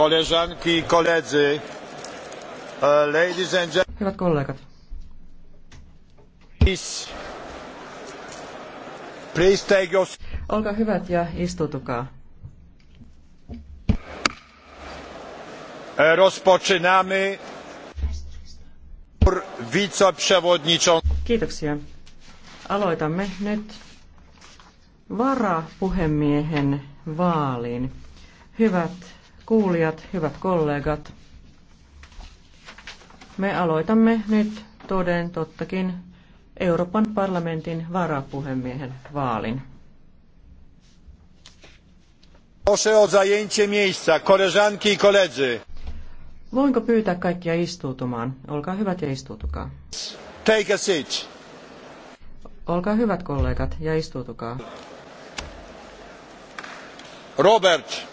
E, ladies and gentlemen. Hyvät kollegat. please take your... Olkaa hyvät ja istutukaa. E, rozpoczynamy wiceprzewodniczący. Kiitoksia. Aloitamme nyt varapuhemiehen vaalin. Hyvät kuulijat, hyvät kollegat. Me aloitamme nyt toden tottakin Euroopan parlamentin varapuhemiehen vaalin. Proszę o zajęcie miejsca, koleżanki i koledzy. Voinko pyytää kaikkia istuutumaan? Olkaa hyvät ja istuutukaa. Take a seat. Olkaa hyvät kollegat ja istuutukaa. Robert.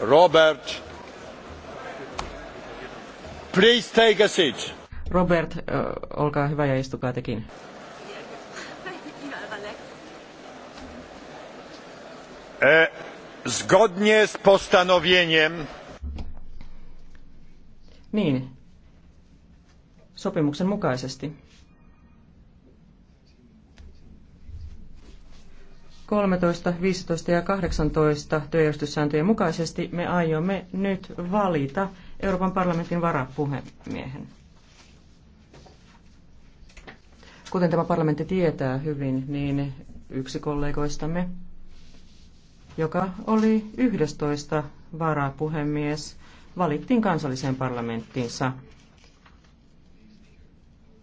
Robert, please take a seat. Robert, olkaa hyvä ja istukaa tekin. E, zgodnie z postanowieniem. Niin. Sopimuksen mukaisesti. 13, 15 ja 18 työjärjestyssääntöjen mukaisesti me aiomme nyt valita Euroopan parlamentin varapuhemiehen. Kuten tämä parlamentti tietää hyvin, niin yksi kollegoistamme, joka oli 11 varapuhemies, valittiin kansalliseen parlamenttiinsa.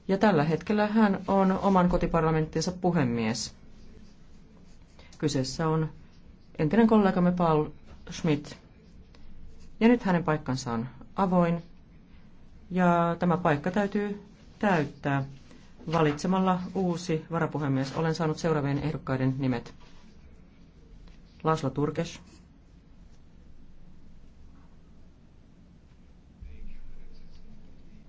Ja tällä hetkellä hän on oman kotiparlamenttinsa puhemies. Kyseessä on entinen kollegamme Paul Schmidt. Ja nyt hänen paikkansa on avoin. Ja tämä paikka täytyy täyttää valitsemalla uusi varapuhemies. Olen saanut seuraavien ehdokkaiden nimet. Laslo Turkes.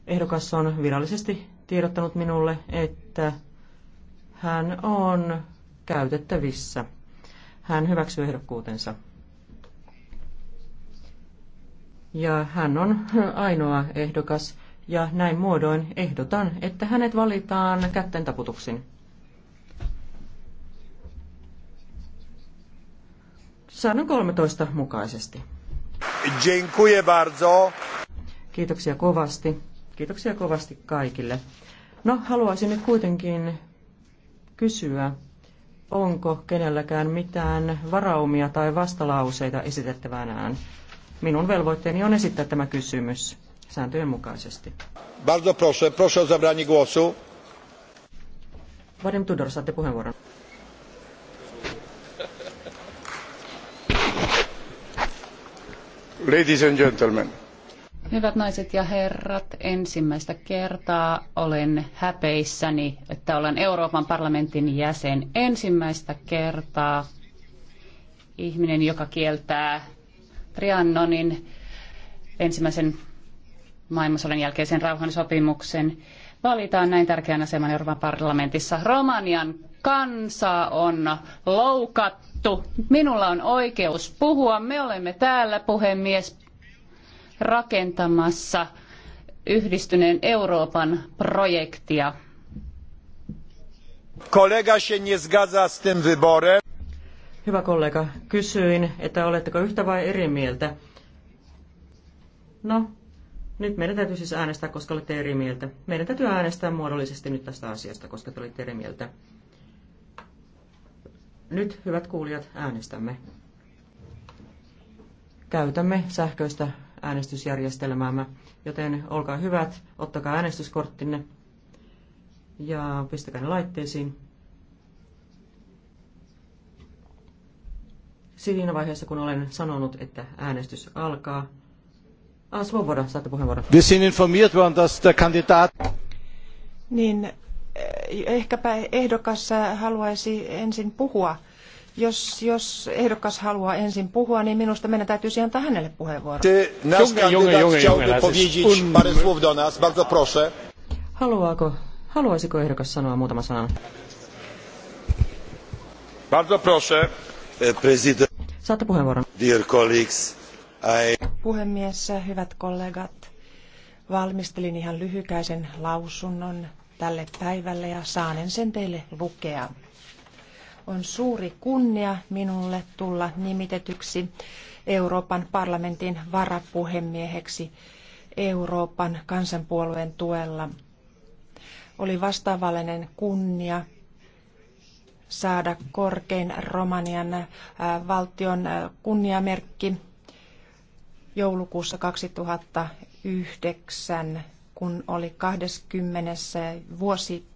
Ehdokas on virallisesti tiedottanut minulle, että hän on käytettävissä. Hän hyväksyy ehdokkuutensa. Ja hän on ainoa ehdokas, ja näin muodoin ehdotan, että hänet valitaan kätten taputuksin. Säännön 13 mukaisesti. Dziękuję bardzo. Kiitoksia kovasti. Kiitoksia kovasti kaikille. No, haluaisin nyt kuitenkin kysyä onko kenelläkään mitään varaumia tai vastalauseita esitettävänään. Minun velvoitteeni on esittää tämä kysymys sääntöjen mukaisesti. Bardzo proszę, proszę o zabranie głosu. Vadim Tudor, saatte puheenvuoron. Ladies and gentlemen. Hyvät naiset ja herrat, ensimmäistä kertaa olen häpeissäni, että olen Euroopan parlamentin jäsen. Ensimmäistä kertaa ihminen, joka kieltää Triannonin ensimmäisen maailmansodan jälkeisen rauhansopimuksen, valitaan näin tärkeän aseman Euroopan parlamentissa. Romanian kansa on loukattu. Minulla on oikeus puhua. Me olemme täällä, puhemies, rakentamassa yhdistyneen Euroopan projektia. Kollega się nie zgadza z tym wyborem. Hyvä kollega, kysyin, että oletteko yhtä vai eri mieltä. No, nyt meidän täytyy siis äänestää, koska olette eri mieltä. Meidän täytyy äänestää muodollisesti nyt tästä asiasta, koska te olette eri mieltä. Nyt, hyvät kuulijat, äänestämme. Käytämme sähköistä äänestysjärjestelmäämme. Joten olkaa hyvät, ottakaa äänestyskorttinne ja pistäkää ne laitteisiin. Siinä vaiheessa, kun olen sanonut, että äänestys alkaa. Ah, Svoboda, saatte puheenvuoron. Wir sind informiert worden, dass der Kandidat... Niin, ehkäpä ehdokas haluaisi ensin puhua jos, jos ehdokas haluaa ensin puhua, niin minusta meidän täytyisi antaa hänelle puheenvuoro. Haluaako, haluaisiko ehdokas sanoa muutama sanan? Bardzo proszę. E, Saatte puheenvuoron. Dear colleagues, I... Puhemies, hyvät kollegat, valmistelin ihan lyhykäisen lausunnon tälle päivälle ja saanen sen teille lukea. On suuri kunnia minulle tulla nimitetyksi Euroopan parlamentin varapuhemieheksi Euroopan kansanpuolueen tuella. Oli vastaavallinen kunnia saada korkein Romanian äh, valtion äh, kunniamerkki joulukuussa 2009, kun oli 20. vuosi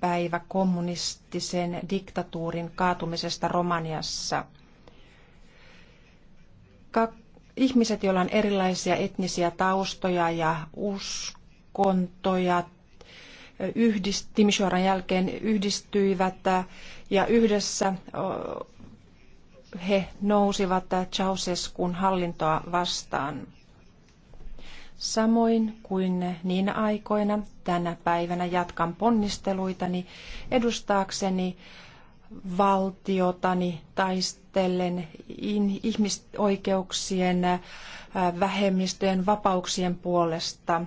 päivä kommunistisen diktatuurin kaatumisesta Romaniassa. Ka- ihmiset, joilla on erilaisia etnisiä taustoja ja uskontoja, yhdist- Timisoaran jälkeen yhdistyivät äh, ja yhdessä he nousivat äh, Ceausescun hallintoa vastaan. Samoin kuin niinä aikoina tänä päivänä jatkan ponnisteluitani edustaakseni valtiotani taistellen ihmisoikeuksien, äh, vähemmistöjen vapauksien puolesta.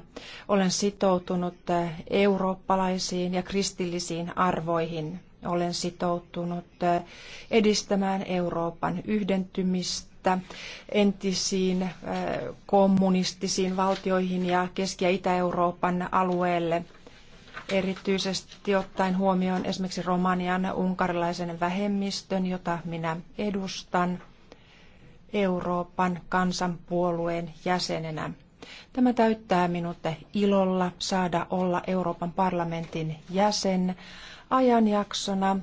Olen sitoutunut äh, eurooppalaisiin ja kristillisiin arvoihin. Olen sitoutunut äh, edistämään Euroopan yhdentymistä että entisiin äh, kommunistisiin valtioihin ja Keski- ja Itä-Euroopan alueelle, erityisesti ottaen huomioon esimerkiksi Romanian unkarilaisen vähemmistön, jota minä edustan Euroopan kansanpuolueen jäsenenä. Tämä täyttää minut ilolla saada olla Euroopan parlamentin jäsen ajanjaksona,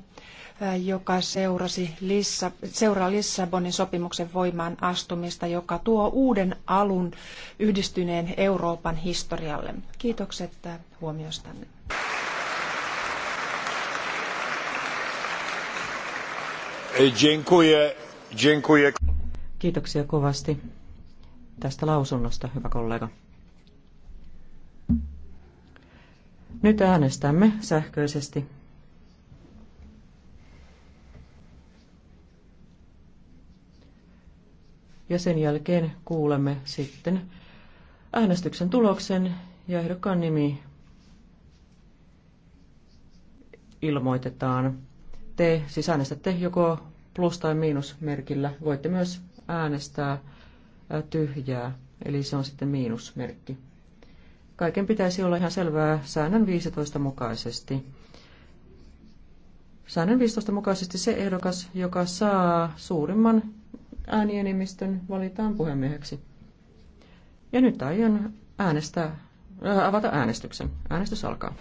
joka seurasi Lissa, seuraa Lissabonin sopimuksen voimaan astumista, joka tuo uuden alun yhdistyneen Euroopan historialle. Kiitokset huomiostanne. Kiitoksia kovasti tästä lausunnosta, hyvä kollega. Nyt äänestämme sähköisesti ja sen jälkeen kuulemme sitten äänestyksen tuloksen ja ehdokkaan nimi ilmoitetaan. Te siis äänestätte joko plus- tai miinusmerkillä. Voitte myös äänestää tyhjää, eli se on sitten miinusmerkki. Kaiken pitäisi olla ihan selvää säännön 15 mukaisesti. Säännön 15 mukaisesti se ehdokas, joka saa suurimman äänienemmistön valitaan puhemieheksi. Ja nyt aion äänestää, äh, avata äänestyksen. Äänestys alkaa.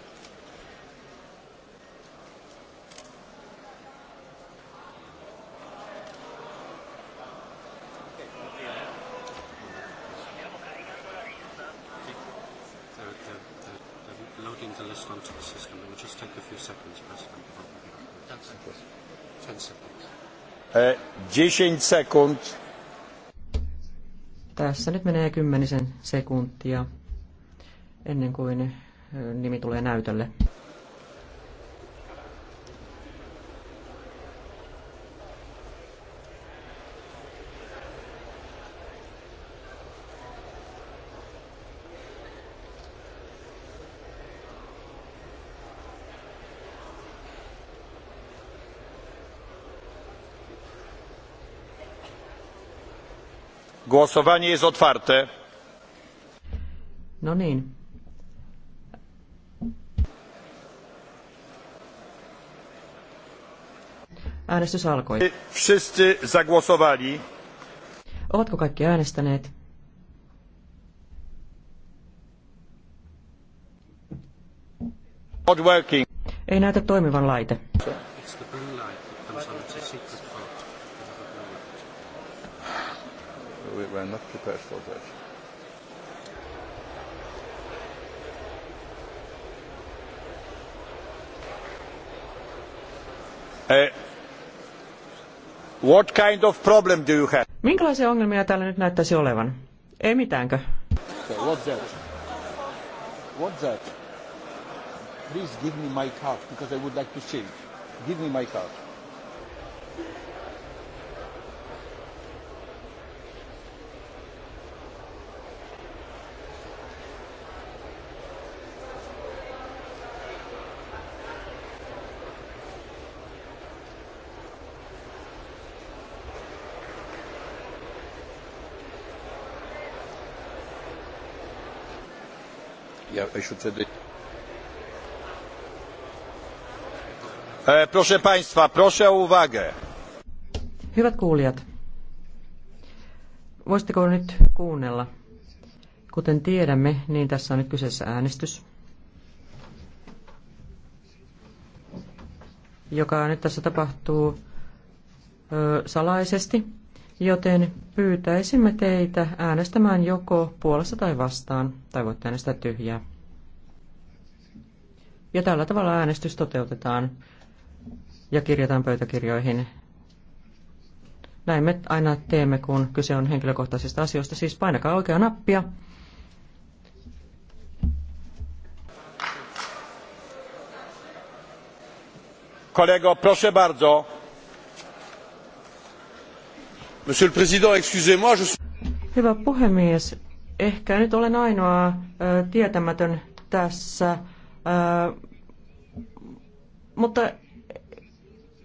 10 sekund. Tässä nyt menee kymmenisen sekuntia ennen kuin nimi tulee näytölle. Głosowanie jest otwarte. No niin. Äänestys alkoi. Wszyscy zagłosowali. Ovatko kaikki äänestäneet? Not working. Ei näytä toimivan laite. we were not prepared for that. Uh, what kind of problem do you have? Minkälaisia ongelmia täällä nyt näyttäisi olevan? Ei mitäänkö? Okay, what's that? What's that? Please give me my card because I would like to sing. Give me my card. I should say Proszę Państwa, proszę o uwagę. Hyvät kuulijat, voisitteko nyt kuunnella? Kuten tiedämme, niin tässä on nyt kyseessä äänestys, joka nyt tässä tapahtuu ö, salaisesti joten pyytäisimme teitä äänestämään joko puolesta tai vastaan, tai voitte äänestää tyhjää. Ja tällä tavalla äänestys toteutetaan ja kirjataan pöytäkirjoihin. Näin me aina teemme, kun kyse on henkilökohtaisista asioista, siis painakaa oikea nappia. Kollego, proszę bardzo. Monsieur Hyvä puhemies, ehkä nyt olen ainoa tietämätön tässä, mutta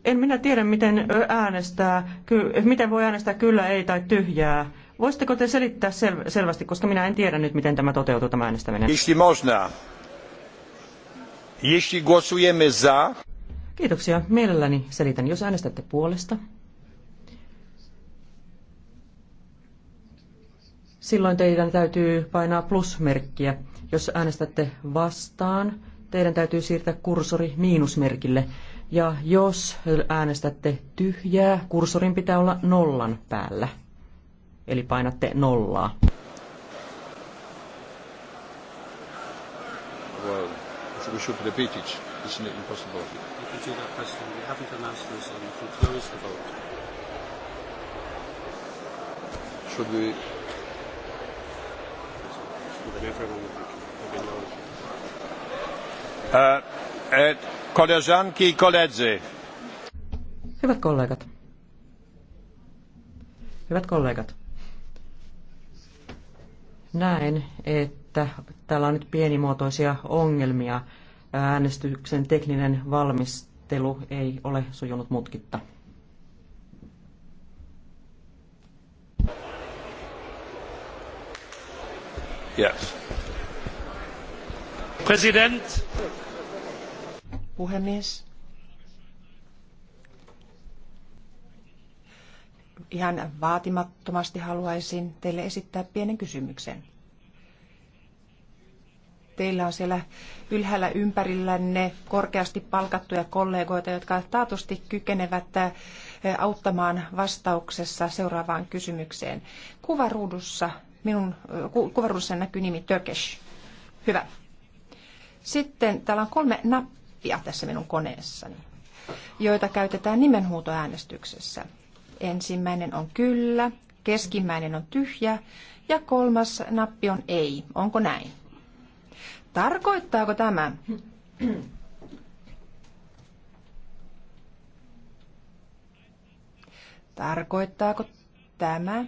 en minä tiedä, miten äänestää, ky, miten voi äänestää kyllä, ei tai tyhjää. Voisitteko te selittää sel- selvästi, koska minä en tiedä nyt, miten tämä toteutuu, tämä äänestäminen. Jeśli można. Jeśli głosujemy za. Kiitoksia. Mielelläni selitän. Jos äänestätte puolesta, silloin teidän täytyy painaa plusmerkkiä. Jos äänestätte vastaan, teidän täytyy siirtää kursori miinusmerkille. Ja jos äänestätte tyhjää, kursorin pitää olla nollan päällä. Eli painatte nollaa. Well, we should repeat it. impossible. You do that, President. We haven't announced this, and you can close the vote. Should we Eh, eh, koleżanki i koledzy. Hyvät kollegat. Hyvät kollegat. Näen, että täällä on nyt pienimuotoisia ongelmia. Äänestyksen tekninen valmistelu ei ole sujunut mutkitta. Yes. President. Puhemies. Ihan vaatimattomasti haluaisin teille esittää pienen kysymyksen. Teillä on siellä ylhäällä ympärillänne korkeasti palkattuja kollegoita, jotka taatusti kykenevät äh, auttamaan vastauksessa seuraavaan kysymykseen. Kuvaruudussa minun kuvaruudussa näkyy nimi Turkish. Hyvä. Sitten täällä on kolme nappia tässä minun koneessani, joita käytetään nimenhuutoäänestyksessä. Ensimmäinen on kyllä, keskimmäinen on tyhjä ja kolmas nappi on ei. Onko näin? Tarkoittaako tämä? Tarkoittaako tämä,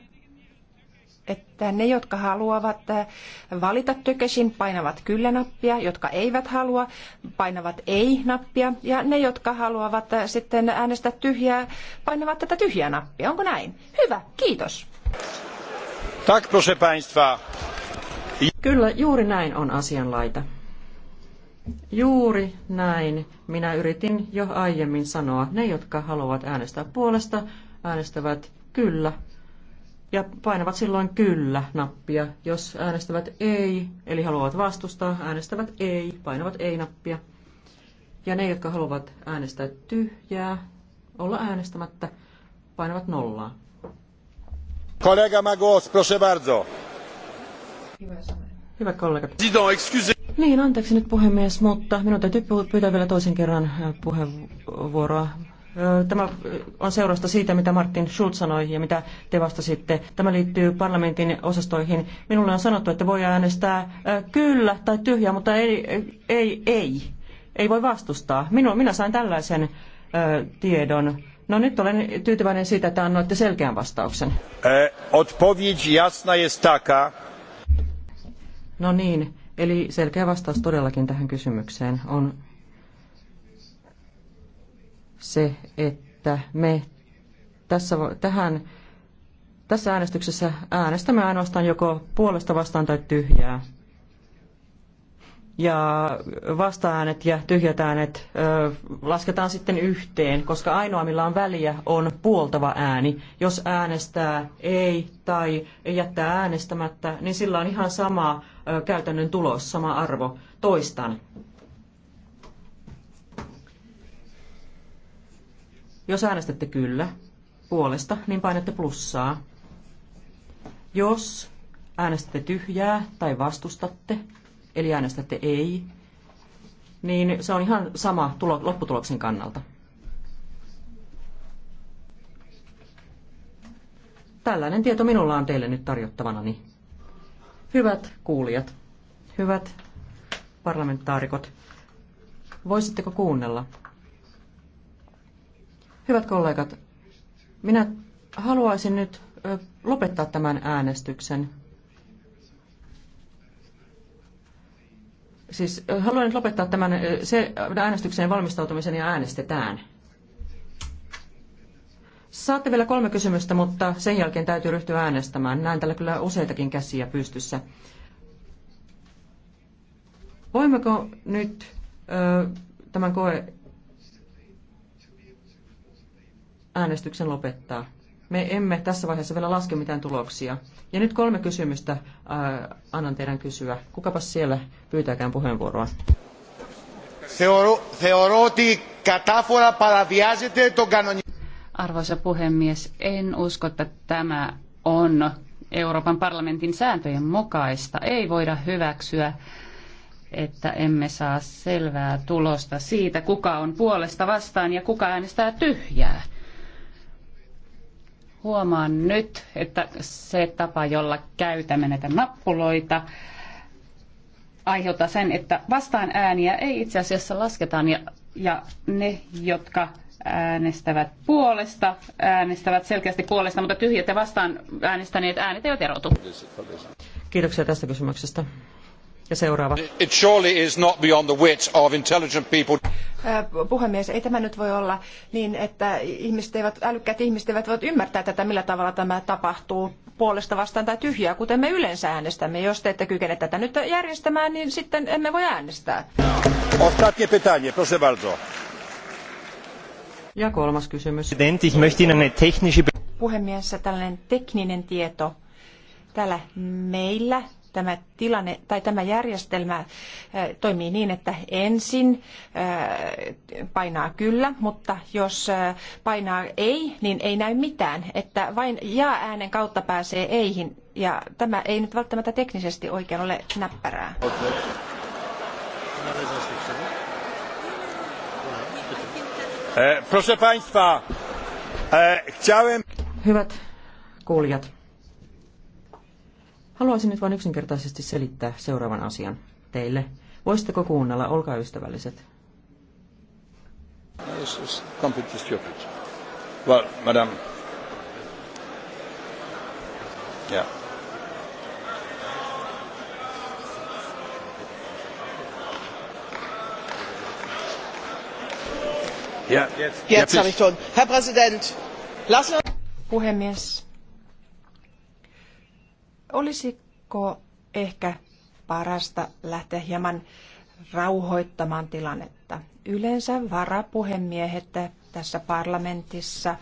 että ne, jotka haluavat äh, valita tökesin, painavat kyllä-nappia, jotka eivät halua, painavat ei-nappia, ja ne, jotka haluavat äh, sitten äänestää tyhjää, painavat tätä tyhjää nappia. Onko näin? Hyvä, kiitos. Tak, proszę państwa. Kyllä, juuri näin on asianlaita. Juuri näin. Minä yritin jo aiemmin sanoa, ne, jotka haluavat äänestää puolesta, äänestävät kyllä ja painavat silloin kyllä-nappia. Jos äänestävät ei, eli haluavat vastustaa, äänestävät ei, painavat ei-nappia. Ja ne, jotka haluavat äänestää tyhjää, olla äänestämättä, painavat nollaa. Kollega Magos, proszę bardzo. Hyvä kollega. Didon, Niin, anteeksi nyt puhemies, mutta minun täytyy pyytää vielä toisen kerran äh, puheenvuoroa. Tämä on seurausta siitä, mitä Martin Schulz sanoi ja mitä te vastasitte. Tämä liittyy parlamentin osastoihin. Minulle on sanottu, että voi äänestää kyllä tai tyhjää, mutta ei, ei, ei. Ei voi vastustaa. Minua, minä sain tällaisen tiedon. No nyt olen tyytyväinen siitä, että annoitte selkeän vastauksen. E, odpowiedź jasna jest taka. No niin, eli selkeä vastaus todellakin tähän kysymykseen on se, että me tässä, tähän, tässä äänestyksessä äänestämme ainoastaan joko puolesta vastaan tai tyhjää. Ja vastaäänet ja tyhjät äänet ö, lasketaan sitten yhteen, koska ainoa millä on väliä on puoltava ääni. Jos äänestää ei tai jättää äänestämättä, niin sillä on ihan sama ö, käytännön tulos, sama arvo. Toistan, Jos äänestätte kyllä puolesta, niin painatte plussaa. Jos äänestätte tyhjää tai vastustatte, eli äänestätte ei, niin se on ihan sama tulo, lopputuloksen kannalta. Tällainen tieto minulla on teille nyt tarjottavanani. Hyvät kuulijat, hyvät parlamentaarikot, voisitteko kuunnella? Hyvät kollegat, minä haluaisin nyt lopettaa tämän äänestyksen. Siis haluan nyt lopettaa tämän se, äänestykseen valmistautumisen ja äänestetään. Saatte vielä kolme kysymystä, mutta sen jälkeen täytyy ryhtyä äänestämään. Näen tällä kyllä useitakin käsiä pystyssä. Voimmeko nyt ö, tämän koe äänestyksen lopettaa. Me emme tässä vaiheessa vielä laske mitään tuloksia. Ja nyt kolme kysymystä ää, annan teidän kysyä. Kukapas siellä pyytääkään puheenvuoroa. Arvoisa puhemies, en usko, että tämä on Euroopan parlamentin sääntöjen mukaista. Ei voida hyväksyä, että emme saa selvää tulosta siitä, kuka on puolesta vastaan ja kuka äänestää tyhjää. Huomaan nyt, että se tapa, jolla käytämme näitä nappuloita, aiheuttaa sen, että vastaan ääniä ei itse asiassa lasketaan ja, ja ne, jotka äänestävät puolesta, äänestävät selkeästi puolesta, mutta tyhjät ja vastaan äänestäneet äänet eivät erotu. Kiitoksia tästä kysymyksestä. Ja seuraava. It surely is not beyond the wit of intelligent people. Puhemies, ei tämä nyt voi olla niin, että ihmiset eivät, älykkäät ihmiset eivät voi ymmärtää tätä, millä tavalla tämä tapahtuu puolesta vastaan tai tyhjää, kuten me yleensä äänestämme. Jos te ette kykene tätä nyt järjestämään, niin sitten emme voi äänestää. Ostatnie pytanie, proszę bardzo. Ja kolmas kysymys. Puhemies, tällainen tekninen tieto. Täällä meillä tämä tilanne tai tämä järjestelmä äh, toimii niin, että ensin äh, painaa kyllä, mutta jos äh, painaa ei, niin ei näy mitään, että vain jaa äänen kautta pääsee eihin ja tämä ei nyt välttämättä teknisesti oikein ole näppärää. E, proszę Państwa, e, chciałem... Hyvät kuulijat, Haluaisin nyt vain yksinkertaisesti selittää seuraavan asian teille. Voisitteko kuunnella? Olkaa ystävälliset. Well, madam. Yeah. Yeah. Jetzt, Jetzt habe ich schon. Herr Präsident, lassen Puhemies, Olisiko ehkä parasta lähteä hieman rauhoittamaan tilannetta? Yleensä varapuhemiehet tässä parlamentissa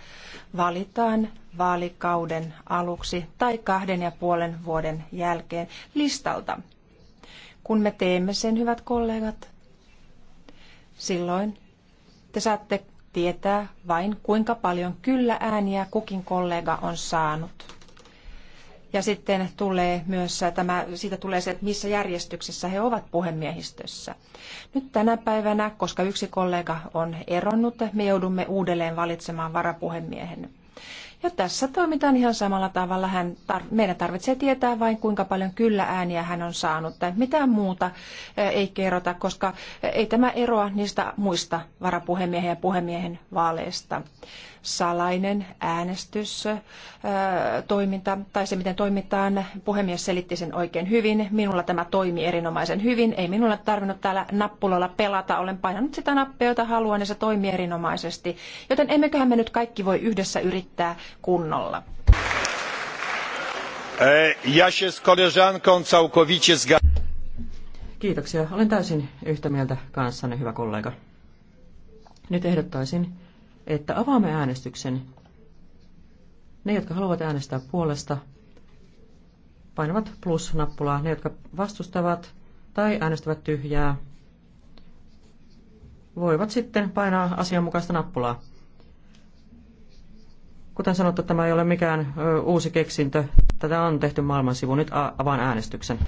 valitaan vaalikauden aluksi tai kahden ja puolen vuoden jälkeen listalta. Kun me teemme sen, hyvät kollegat, silloin te saatte tietää vain, kuinka paljon kyllä ääniä kukin kollega on saanut. Ja sitten tulee myös tämä, siitä tulee se, että missä järjestyksessä he ovat puhemiehistössä. Nyt tänä päivänä, koska yksi kollega on eronnut, me joudumme uudelleen valitsemaan varapuhemiehen. Ja tässä toimitaan ihan samalla tavalla. Hän tar- meidän tarvitsee tietää vain, kuinka paljon kyllä ääniä hän on saanut tai mitään muuta ei kerrota, koska ei tämä eroa niistä muista varapuhemiehen ja puhemiehen vaaleista salainen äänestystoiminta toiminta tai se miten toimitaan. Puhemies selitti sen oikein hyvin. Minulla tämä toimi erinomaisen hyvin. Ei minulla tarvinnut täällä nappulolla pelata. Olen painanut sitä nappia, jota haluan ja se toimii erinomaisesti. Joten emmeköhän me nyt kaikki voi yhdessä yrittää kunnolla. E, Kiitoksia. Olen täysin yhtä mieltä kanssanne, hyvä kollega. Nyt ehdottaisin, että avaamme äänestyksen. Ne, jotka haluavat äänestää puolesta, painavat plus-nappulaa. Ne, jotka vastustavat tai äänestävät tyhjää, voivat sitten painaa asianmukaista nappulaa. Kuten sanottu, tämä ei ole mikään ö, uusi keksintö. Tätä on tehty maailman sivu. Nyt avaan äänestyksen.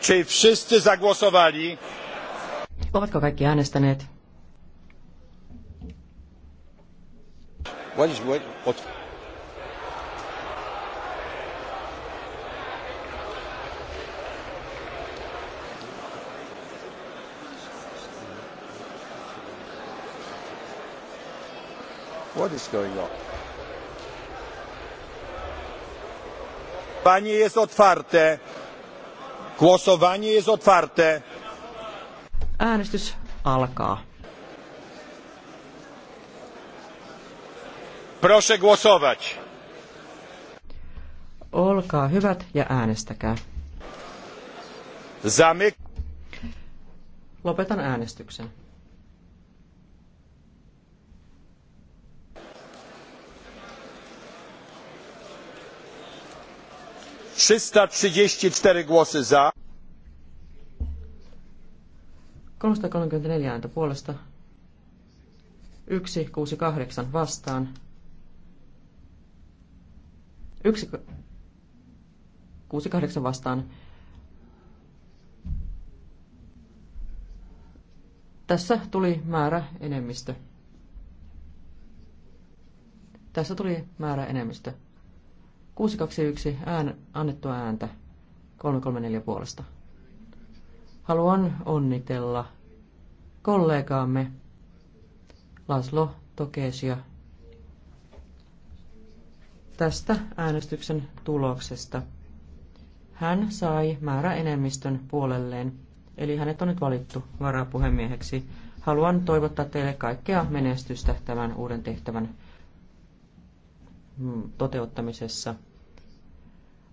Czy wszyscy zagłosowali? Ovatko kaikki äänestäneet? What is, what, what? What is going on? Panie jest otwarte. Głosowanie jest otwarte. Äänestys alkaa. Proszę głosować. Olkaa hyvät ja äänestäkää. Zamyk. Lopetan äänestyksen. trzysta trzydzieści cztery głosy za 334 ääntä puolesta. 168 vastaan. 168 vastaan. Tässä tuli määrä enemmistö. Tässä tuli määrä enemmistö. 621 ään, annettua ääntä 334 puolesta. Haluan onnitella kollegaamme Laslo Tokesia tästä äänestyksen tuloksesta. Hän sai määräenemmistön puolelleen, eli hänet on nyt valittu varapuhemieheksi. Haluan toivottaa teille kaikkea menestystä tämän uuden tehtävän mm, toteuttamisessa.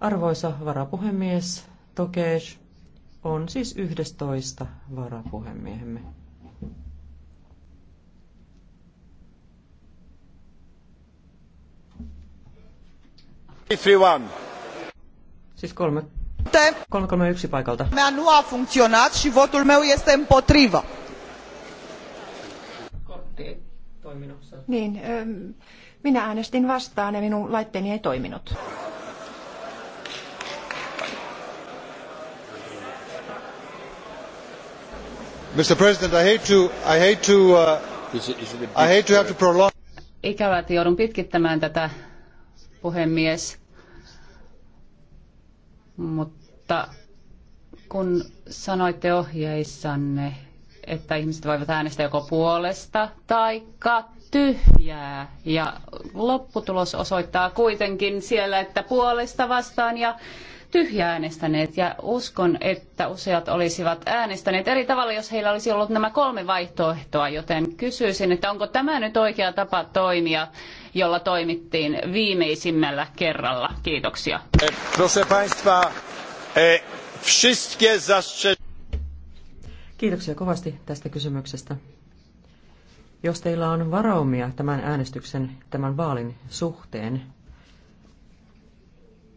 Arvoisa varapuhemies Tokes, on siis 11 varapuhemiehemme. Siis kolme. 331 paikalta. Mä nu a funcționat și votul meu este împotrivă. Kortti ei toiminut. Niin, minä äänestin vastaan ja minun laitteeni ei toiminut. Mr. President, I hate to, have to prolong. Ikävä, että joudun pitkittämään tätä, puhemies. Mutta kun sanoitte ohjeissanne, että ihmiset voivat äänestää joko puolesta tai tyhjää. Ja lopputulos osoittaa kuitenkin siellä, että puolesta vastaan ja tyhjä äänestäneet ja uskon, että useat olisivat äänestäneet eri tavalla, jos heillä olisi ollut nämä kolme vaihtoehtoa, joten kysyisin, että onko tämä nyt oikea tapa toimia, jolla toimittiin viimeisimmällä kerralla. Kiitoksia. Proszę Państwa, e, wszystkie Kiitoksia kovasti tästä kysymyksestä. Jos teillä on varaumia tämän äänestyksen, tämän vaalin suhteen,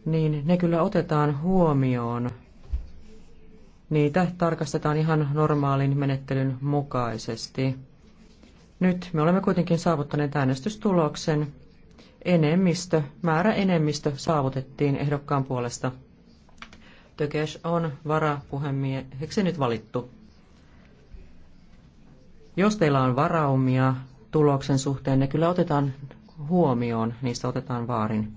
niin ne kyllä otetaan huomioon. Niitä tarkastetaan ihan normaalin menettelyn mukaisesti. Nyt me olemme kuitenkin saavuttaneet äänestystuloksen. Enemmistö, määrä enemmistö saavutettiin ehdokkaan puolesta. Tökes on varapuhemieheksi nyt valittu. Jos teillä on varaumia tuloksen suhteen, ne kyllä otetaan huomioon, niistä otetaan vaarin.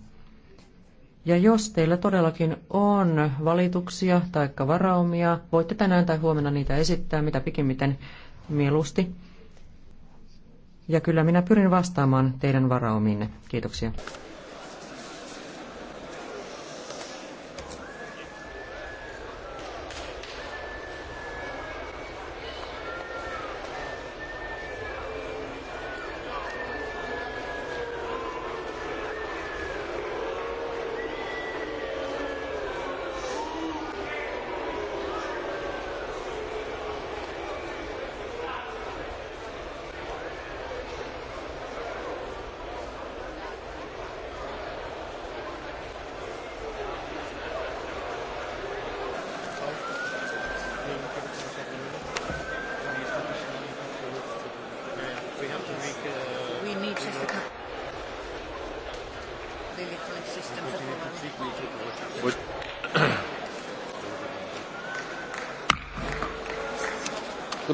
Ja jos teillä todellakin on valituksia tai varaumia, voitte tänään tai huomenna niitä esittää, mitä pikimmiten mieluusti. Ja kyllä minä pyrin vastaamaan teidän varaumiinne. Kiitoksia.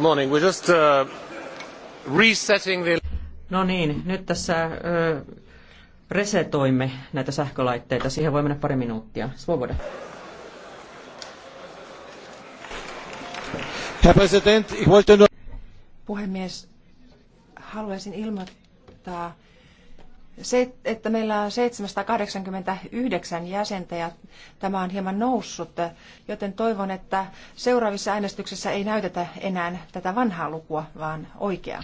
morning. We're just uh, resetting the... No niin, nyt tässä uh, resetoimme näitä sähkölaitteita. Siihen voi mennä pari minuuttia. Svoboda. Herr Präsident, ich wollte nur... Puhemies, haluaisin ilmoittaa, se, että meillä on 789 jäsentä ja tämä on hieman noussut, joten toivon, että seuraavissa äänestyksissä ei näytetä enää tätä vanhaa lukua, vaan oikeaa.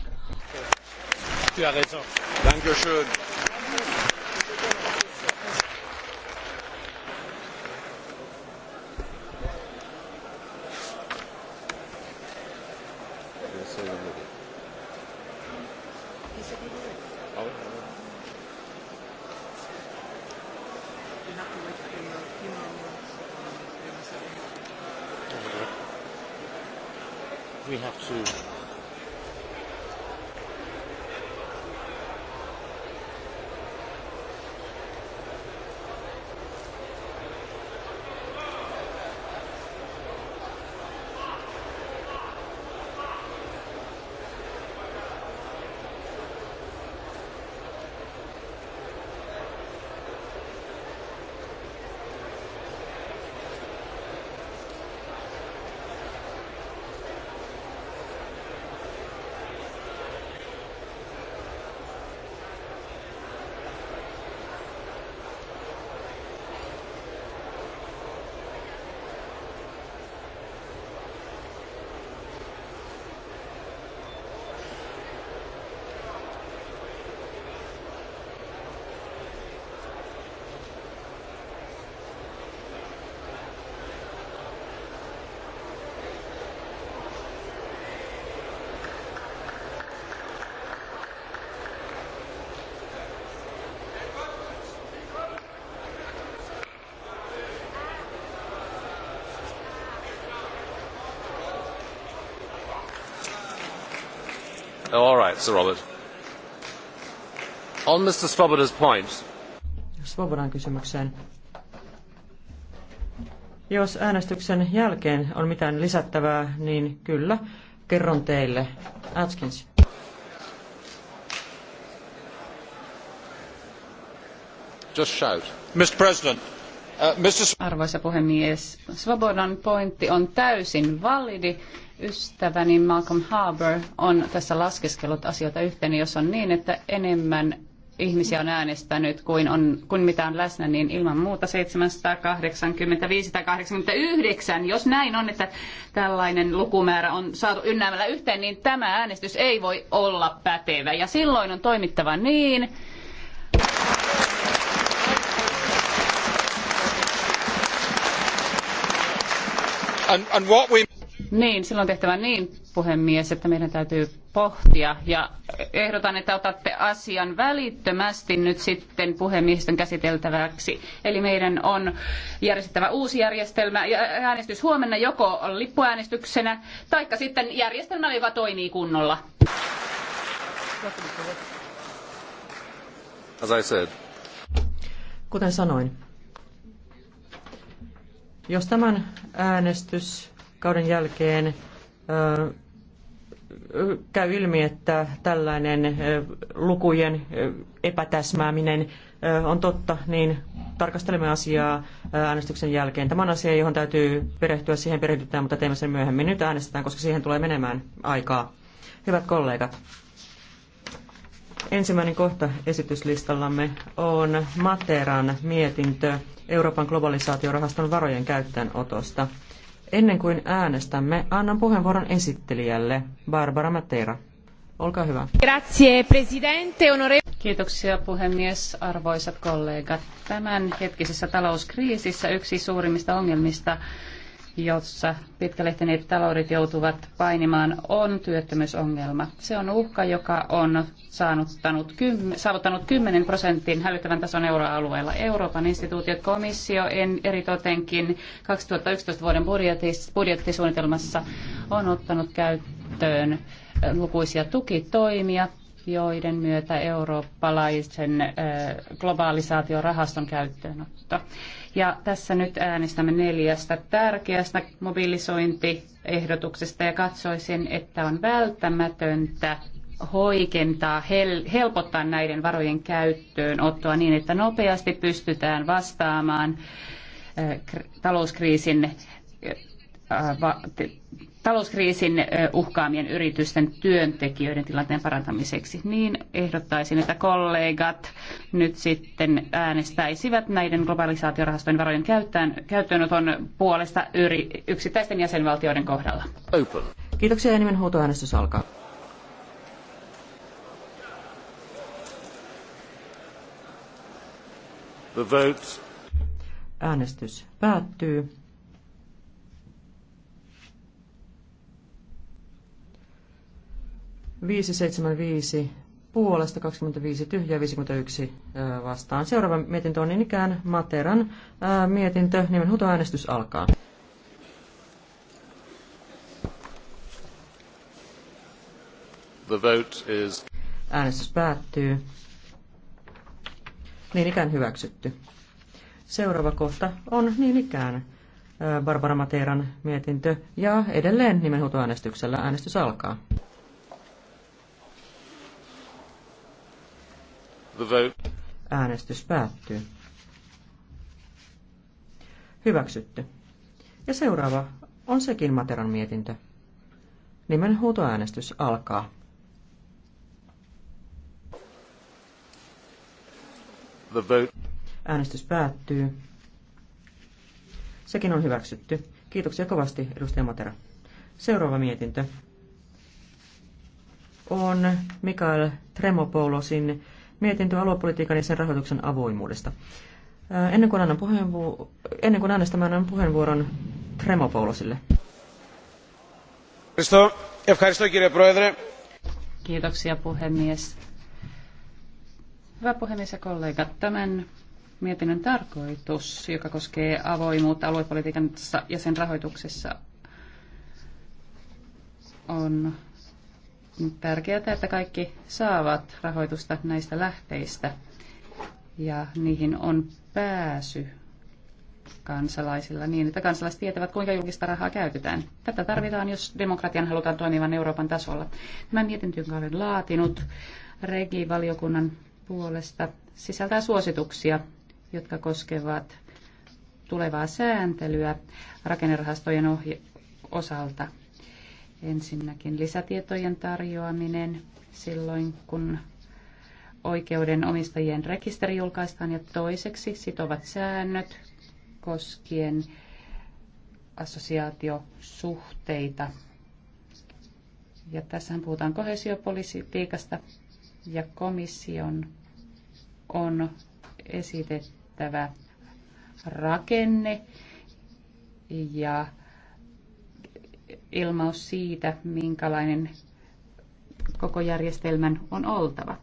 right, Sir Robert. On Mr. Svoboda's point. Svobodan kysymykseen. Jos äänestyksen jälkeen on mitään lisättävää, niin kyllä, kerron teille. Atkins. Just shout. Mr. President, uh, Mr. Arvoisa puhemies, Svobodan pointti on täysin validi Ystäväni Malcolm Harbour on tässä laskeskellut asioita yhteen, jos on niin, että enemmän ihmisiä on äänestänyt kuin, on, kuin mitä on läsnä, niin ilman muuta 785 tai 89. Jos näin on, että tällainen lukumäärä on saatu ynnäämällä yhteen, niin tämä äänestys ei voi olla pätevä. Ja silloin on toimittava niin, And, and what we... Niin, silloin tehtävä niin, puhemies, että meidän täytyy pohtia. Ja ehdotan, että otatte asian välittömästi nyt sitten puhemiehistön käsiteltäväksi. Eli meidän on järjestettävä uusi järjestelmä ja äänestys huomenna joko lippuäänestyksenä, taikka sitten järjestelmä, joka toimii kunnolla. Kuten sanoin, jos tämän äänestys kauden jälkeen käy ilmi, että tällainen lukujen epätäsmääminen on totta, niin tarkastelemme asiaa äänestyksen jälkeen. Tämä on asia, johon täytyy perehtyä, siihen perehdytään, mutta teemme sen myöhemmin. Nyt äänestetään, koska siihen tulee menemään aikaa. Hyvät kollegat, ensimmäinen kohta esityslistallamme on Materan mietintö Euroopan globalisaatiorahaston varojen käyttöönotosta. Ennen kuin äänestämme, annan puheenvuoron esittelijälle Barbara Matera. Olkaa hyvä. Grazie, presidente, onore... Kiitoksia puhemies, arvoisat kollegat. Tämän hetkisessä talouskriisissä yksi suurimmista ongelmista jossa pitkälehtineet taloudet joutuvat painimaan, on työttömyysongelma. Se on uhka, joka on saanuttanut, saavuttanut 10 prosentin hälyttävän tason euroalueella. Euroopan instituutiot, komissio, en, totenkin 2011 vuoden budjetis, budjettisuunnitelmassa on ottanut käyttöön lukuisia tukitoimia joiden myötä eurooppalaisen rahaston käyttöönotto. Ja tässä nyt äänestämme neljästä tärkeästä mobilisointiehdotuksesta ja katsoisin, että on välttämätöntä hoikentaa, helpottaa näiden varojen käyttöönottoa niin, että nopeasti pystytään vastaamaan talouskriisin talouskriisin uhkaamien yritysten työntekijöiden tilanteen parantamiseksi, niin ehdottaisin, että kollegat nyt sitten äänestäisivät näiden globalisaatiorahastojen varojen käyttöön, käyttöönoton puolesta yri, yksittäisten jäsenvaltioiden kohdalla. Open. Kiitoksia ja huutoäänestys alkaa. The vote. Äänestys päättyy. 575 puolesta, 25 tyhjä 51 vastaan. Seuraava mietintö on niin ikään Materan mietintö. Nimenhuutoäänestys alkaa. The vote is... Äänestys päättyy. Niin ikään hyväksytty. Seuraava kohta on niin ikään Barbara Materan mietintö ja edelleen nimenhuutoäänestyksellä äänestys alkaa. The vote. Äänestys päättyy. Hyväksytty. Ja seuraava on sekin Materan mietintö. Nimen huutoäänestys alkaa. The vote. Äänestys päättyy. Sekin on hyväksytty. Kiitoksia kovasti, edustaja Matera. Seuraava mietintö on Mikael Tremopoulosin mietintö aluepolitiikan ja sen rahoituksen avoimuudesta. Äh, ennen kuin, annan puheenvu- ennen kuin äänestämme, annan puheenvuoron Tremopoulosille. Kiitoksia puhemies. Hyvä puhemies ja kollegat, tämän mietinnön tarkoitus, joka koskee avoimuutta aluepolitiikan ja sen rahoituksessa, on tärkeää, että kaikki saavat rahoitusta näistä lähteistä ja niihin on pääsy kansalaisilla niin, että kansalaiset tietävät, kuinka julkista rahaa käytetään. Tätä tarvitaan, jos demokratian halutaan toimivan Euroopan tasolla. Tämän mietintö, jonka olen laatinut regivaliokunnan puolesta, sisältää suosituksia, jotka koskevat tulevaa sääntelyä rakennerahastojen osalta Ensinnäkin lisätietojen tarjoaminen silloin, kun oikeuden omistajien rekisteri julkaistaan ja toiseksi sitovat säännöt koskien assosiaatiosuhteita. Ja tässähän puhutaan kohesiopolitiikasta ja komission on esitettävä rakenne ja ilmaus siitä, minkälainen koko järjestelmän on oltava.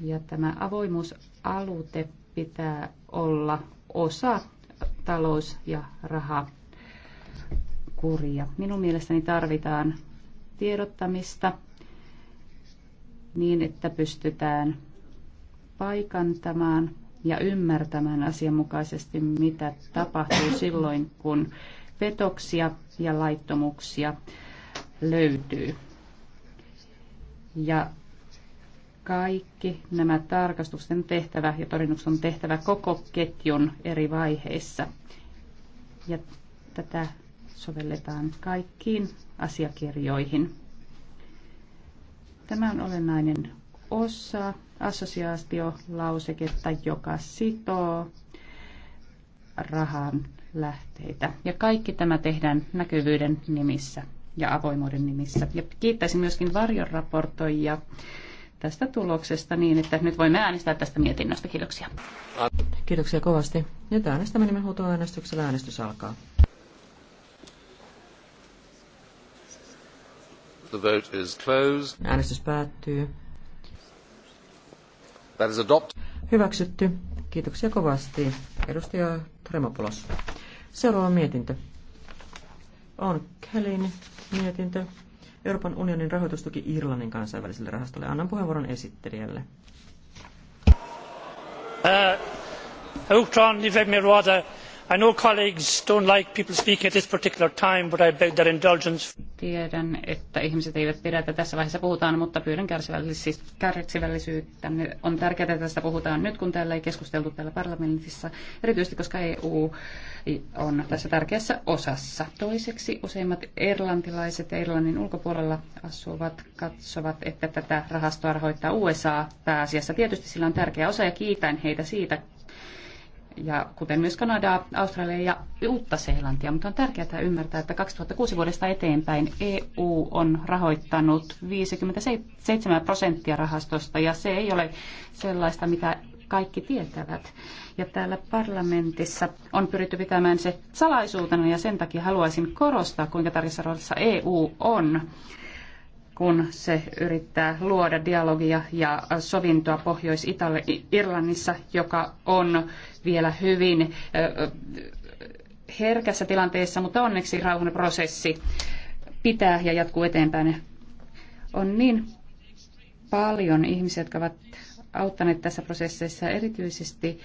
Ja tämä avoimuusalute pitää olla osa talous- ja rahakuria. Minun mielestäni tarvitaan tiedottamista niin, että pystytään paikantamaan ja ymmärtämään asianmukaisesti, mitä tapahtuu silloin, kun petoksia ja laittomuuksia löytyy. Ja kaikki nämä tarkastusten tehtävä ja todennukset on tehtävä koko ketjun eri vaiheissa. Ja tätä sovelletaan kaikkiin asiakirjoihin. Tämä on olennainen osa assosiaatiolauseketta, joka sitoo rahan lähteitä. Ja kaikki tämä tehdään näkyvyyden nimissä ja avoimuuden nimissä. Ja kiittäisin myöskin varjonraportoijia tästä tuloksesta niin, että nyt voimme äänestää tästä mietinnöstä. Kiitoksia. Kiitoksia kovasti. Nyt äänestämme äänestyksellä Äänestys alkaa. The vote is closed. Äänestys päättyy. That is adopted. Hyväksytty. Kiitoksia kovasti. Edustaja Tremopoulos. Seuraava mietintö on Kellyn mietintö. Euroopan unionin rahoitustuki Irlannin kansainväliselle rahastolle. Annan puheenvuoron esittelijälle. Uh, i know colleagues do not like people speaking at this particular time but i beg their indulgence. tiedän että ihmiset eivät pidä että tässä vaiheessa puhutaan mutta pyydän siis kärsivällisyyttä. on tärkeää että tästä puhutaan nyt kun täällä ei keskusteltu täällä parlamentissa erityisesti koska eu on tässä tärkeässä osassa. toiseksi useimmat irlantilaiset ja irlannin ulkopuolella asuvat katsovat että tätä rahastoa rahoittaa usa pääasiassa. tietysti sillä on tärkeä osa ja kiitän heitä siitä ja kuten myös Kanadaa, Australia ja Uutta Seelantia. Mutta on tärkeää ymmärtää, että 2006 vuodesta eteenpäin EU on rahoittanut 57 prosenttia rahastosta ja se ei ole sellaista, mitä kaikki tietävät. Ja täällä parlamentissa on pyritty pitämään se salaisuutena ja sen takia haluaisin korostaa, kuinka tärkeässä roolissa EU on kun se yrittää luoda dialogia ja sovintoa Pohjois-Irlannissa, joka on vielä hyvin herkässä tilanteessa, mutta onneksi rauhanprosessi pitää ja jatkuu eteenpäin. On niin paljon ihmisiä, jotka ovat auttaneet tässä prosessissa, erityisesti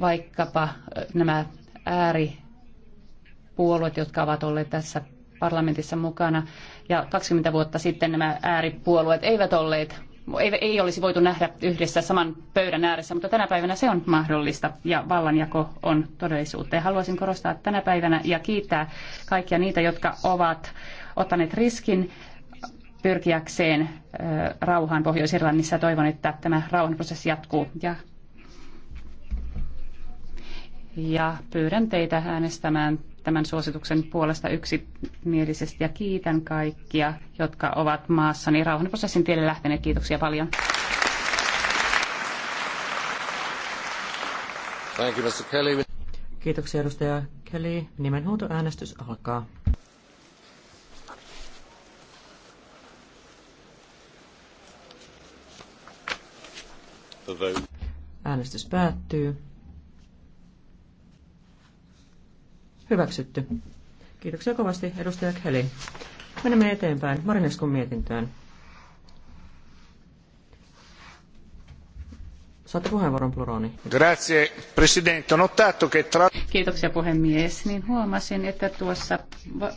vaikkapa nämä ääripuolueet, jotka ovat olleet tässä parlamentissa mukana. Ja 20 vuotta sitten nämä ääripuolueet eivät olleet ei, ei olisi voitu nähdä yhdessä saman pöydän ääressä, mutta tänä päivänä se on mahdollista ja vallanjako on todellisuutta. Ja haluaisin korostaa tänä päivänä ja kiittää kaikkia niitä, jotka ovat ottaneet riskin pyrkiäkseen rauhaan Pohjois-Irlannissa. Toivon, että tämä rauhanprosessi jatkuu. Ja, ja pyydän teitä äänestämään tämän suosituksen puolesta yksimielisesti ja kiitän kaikkia, jotka ovat maassani rauhanprosessin tielle lähteneet. Kiitoksia paljon. Thank you, Mr. Kelly. Kiitoksia edustaja Kelly. Nimenhuutoäänestys alkaa. Äänestys päättyy. Hyväksytty. Kiitoksia kovasti, edustaja Kelly. Menemme eteenpäin Marineskun mietintöön. Saatte puheenvuoron, Pluroni. Grazie, Presidente. Notato che tra... Kiitoksia, puhemies. Niin huomasin, että tuossa va-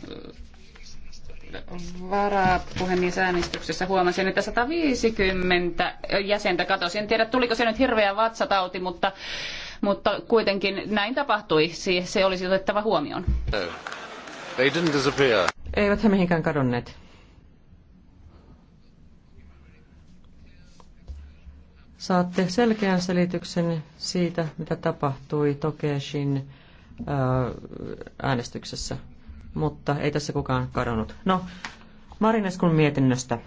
varapuhemies-äänestyksessä huomasin, että 150 jäsentä katosi. En tiedä, tuliko se nyt hirveä vatsatauti, mutta mutta kuitenkin näin tapahtui. Se olisi otettava huomioon. They didn't disappear. Eivät he mihinkään kadonneet. Saatte selkeän selityksen siitä, mitä tapahtui Tokeshin äänestyksessä, mutta ei tässä kukaan kadonnut. No, Marineskun mietinnöstä.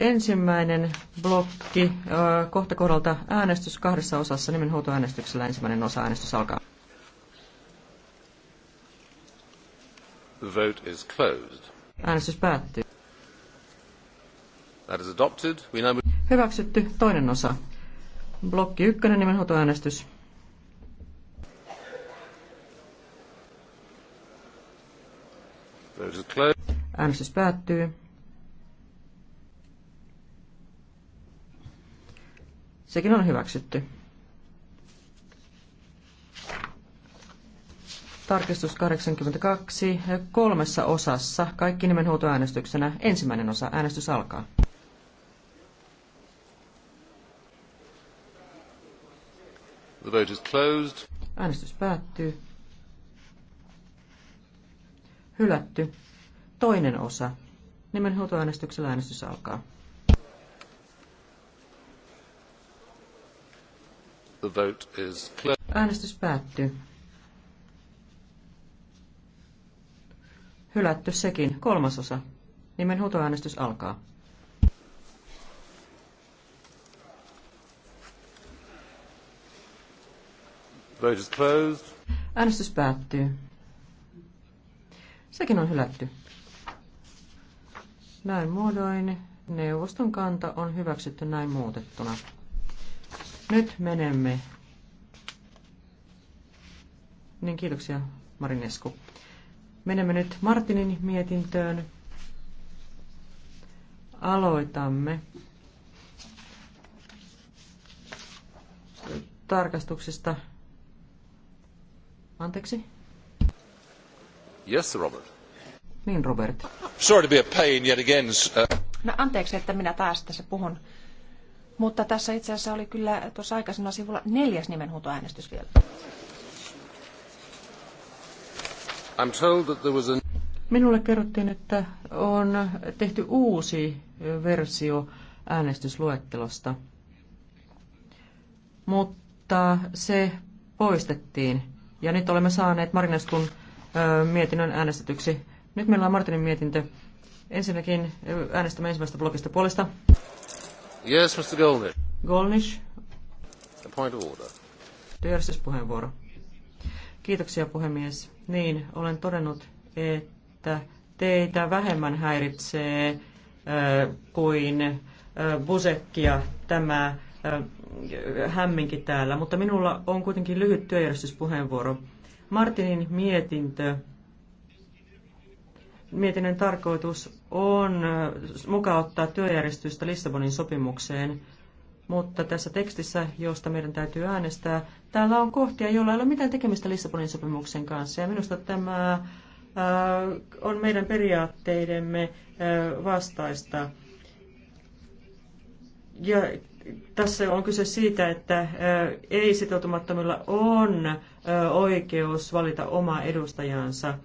Ensimmäinen blokki, kohta kohdalta äänestys kahdessa osassa, nimenhuutoäänestyksellä ensimmäinen osa äänestys alkaa. vote is closed. Äänestys päättyy. That is adopted. We now... Hyväksytty toinen osa. Blokki ykkönen, nimenhuutoäänestys. Vote is closed. Äänestys päättyy. Sekin on hyväksytty. Tarkistus 82 kolmessa osassa, kaikki nimenhuutoäänestyksenä. Ensimmäinen osa, äänestys alkaa. The vote is closed. Äänestys päättyy. Hylätty. Toinen osa. Nimenhuutoäänestyksellä äänestys alkaa. The vote is Äänestys päättyy. Hylätty sekin. Kolmasosa. Nimen huutoäänestys alkaa. Vote is closed. Äänestys päättyy. Sekin on hylätty. Näin muodoin neuvoston kanta on hyväksytty näin muutettuna. Nyt menemme. Niin, kiitoksia Marinesku. Menemme nyt Martinin mietintöön. Aloitamme tarkastuksesta. Anteeksi? Yes, Robert. Niin, Robert. Sorry to be a pain yet again. No anteeksi, että minä taas tässä puhun mutta tässä itse asiassa oli kyllä tuossa aikaisemmin sivulla neljäs nimenhuutoäänestys vielä. I'm told that there was a... Minulle kerrottiin, että on tehty uusi versio äänestysluettelosta, mutta se poistettiin. Ja nyt olemme saaneet Marineskun mietinnön äänestetyksi. Nyt meillä on Martinin mietintö. Ensinnäkin äänestämme ensimmäistä blogista puolesta. Golnish. A point of order. Työjärjestyspuheenvuoro. Kiitoksia puhemies. Niin, olen todennut, että teitä vähemmän häiritsee äh, kuin äh, Busekkia tämä äh, hämminki täällä, mutta minulla on kuitenkin lyhyt työjärjestyspuheenvuoro. Martinin mietintö Mietinnön tarkoitus on mukauttaa työjärjestystä Lissabonin sopimukseen, mutta tässä tekstissä, josta meidän täytyy äänestää, täällä on kohtia, joilla ei ole mitään tekemistä Lissabonin sopimuksen kanssa. Ja minusta tämä on meidän periaatteidemme vastaista. Ja tässä on kyse siitä, että ei-sitoutumattomilla on oikeus valita oma edustajansa –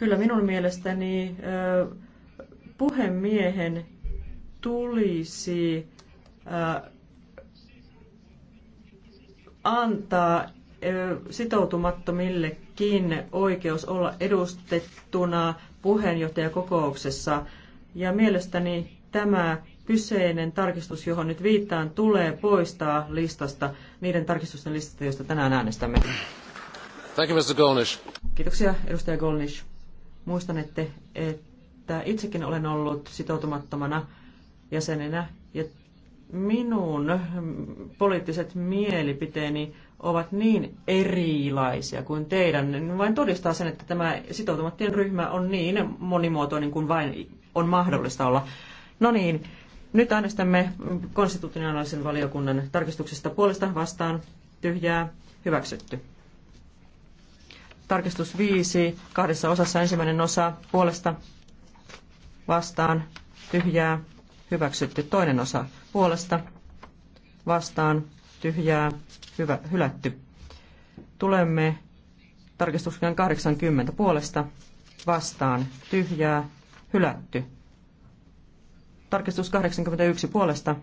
Kyllä minun mielestäni puhemiehen tulisi antaa sitoutumattomillekin oikeus olla edustettuna puheenjohtajakokouksessa. Ja mielestäni tämä kyseinen tarkistus, johon nyt viittaan, tulee poistaa listasta, niiden tarkistusten listasta, joista tänään äänestämme. Thank you, Mr. Kiitoksia, edustaja Golnish. Muistan, että, että itsekin olen ollut sitoutumattomana jäsenenä ja minun poliittiset mielipiteeni ovat niin erilaisia kuin teidän. Vain todistaa sen, että tämä sitoutumattien ryhmä on niin monimuotoinen kuin vain on mahdollista olla. No niin, nyt äänestämme konstitutionaalisen valiokunnan tarkistuksesta puolesta vastaan tyhjää hyväksytty. Tarkistus 5, kahdessa osassa ensimmäinen osa puolesta vastaan tyhjää hyväksytty. Toinen osa puolesta vastaan tyhjää hyvä, hylätty. Tulemme tarkistuskirjan 80 puolesta vastaan tyhjää hylätty. Tarkistus 81 puolesta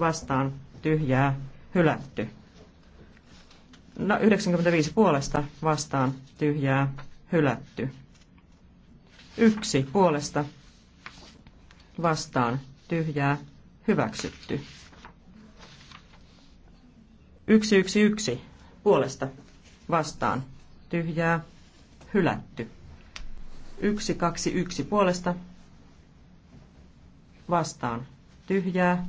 vastaan tyhjää hylätty. No 95 puolesta vastaan tyhjää hylätty. Yksi puolesta vastaan tyhjää hyväksytty. Yksi yksi yksi puolesta vastaan tyhjää hylätty. yksi puolesta vastaan tyhjää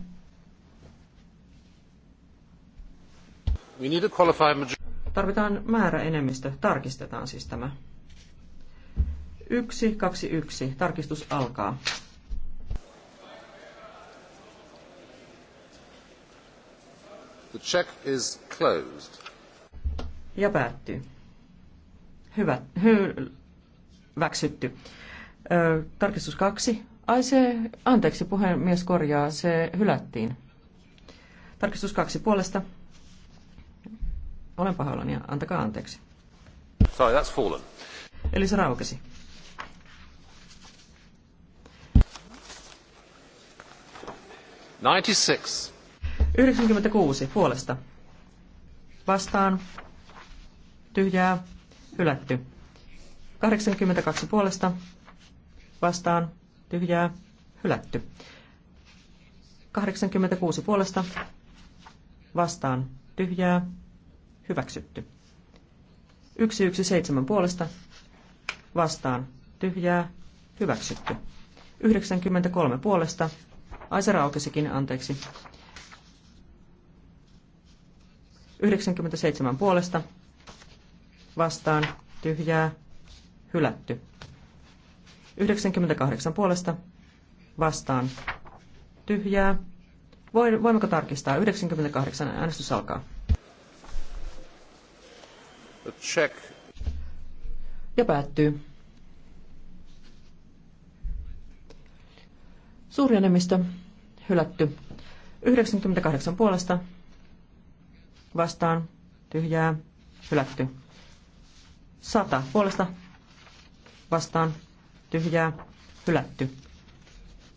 We need a qualified majority. Tarvitaan määrä enemmistö. Tarkistetaan siis tämä. 1, 2, 1. Tarkistus alkaa. The check is closed. Ja päättyy. Hyvä. Hyväksytty. Ö, tarkistus kaksi. Ai se, anteeksi, puhemies korjaa, se hylättiin. Tarkistus kaksi puolesta olen pahoillani ja antakaa anteeksi. Sorry, that's fallen. Eli se raukesi. Ninety-six. 96 puolesta. Vastaan. Tyhjää. Hylätty. 82 puolesta. Vastaan. Tyhjää. Hylätty. 86 puolesta. Vastaan. Tyhjää. Hyväksytty. 117 puolesta. Vastaan. Tyhjää. Hyväksytty. 93 puolesta. Aisa raukesikin, anteeksi. 97 puolesta. Vastaan. Tyhjää. Hylätty. 98 puolesta. Vastaan. Tyhjää. Voimmeko tarkistaa? 98 äänestys alkaa. Check. Ja päättyy. Suuri enemmistö hylätty. 98 puolesta vastaan tyhjää hylätty. 100 puolesta vastaan tyhjää hylätty.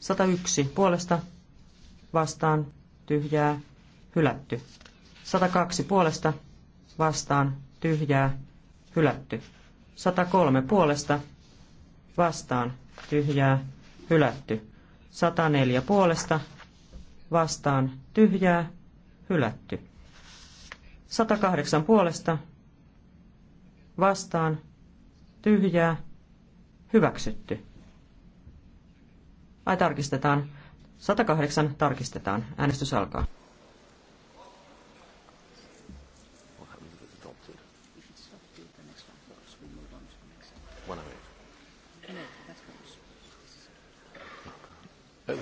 101 puolesta vastaan tyhjää hylätty. 102 puolesta vastaan tyhjää, hylätty. 103 puolesta, vastaan, tyhjää, hylätty. 104 puolesta, vastaan, tyhjää, hylätty. 108 puolesta, vastaan, tyhjää, hyväksytty. Ai tarkistetaan. 108 tarkistetaan. Äänestys alkaa.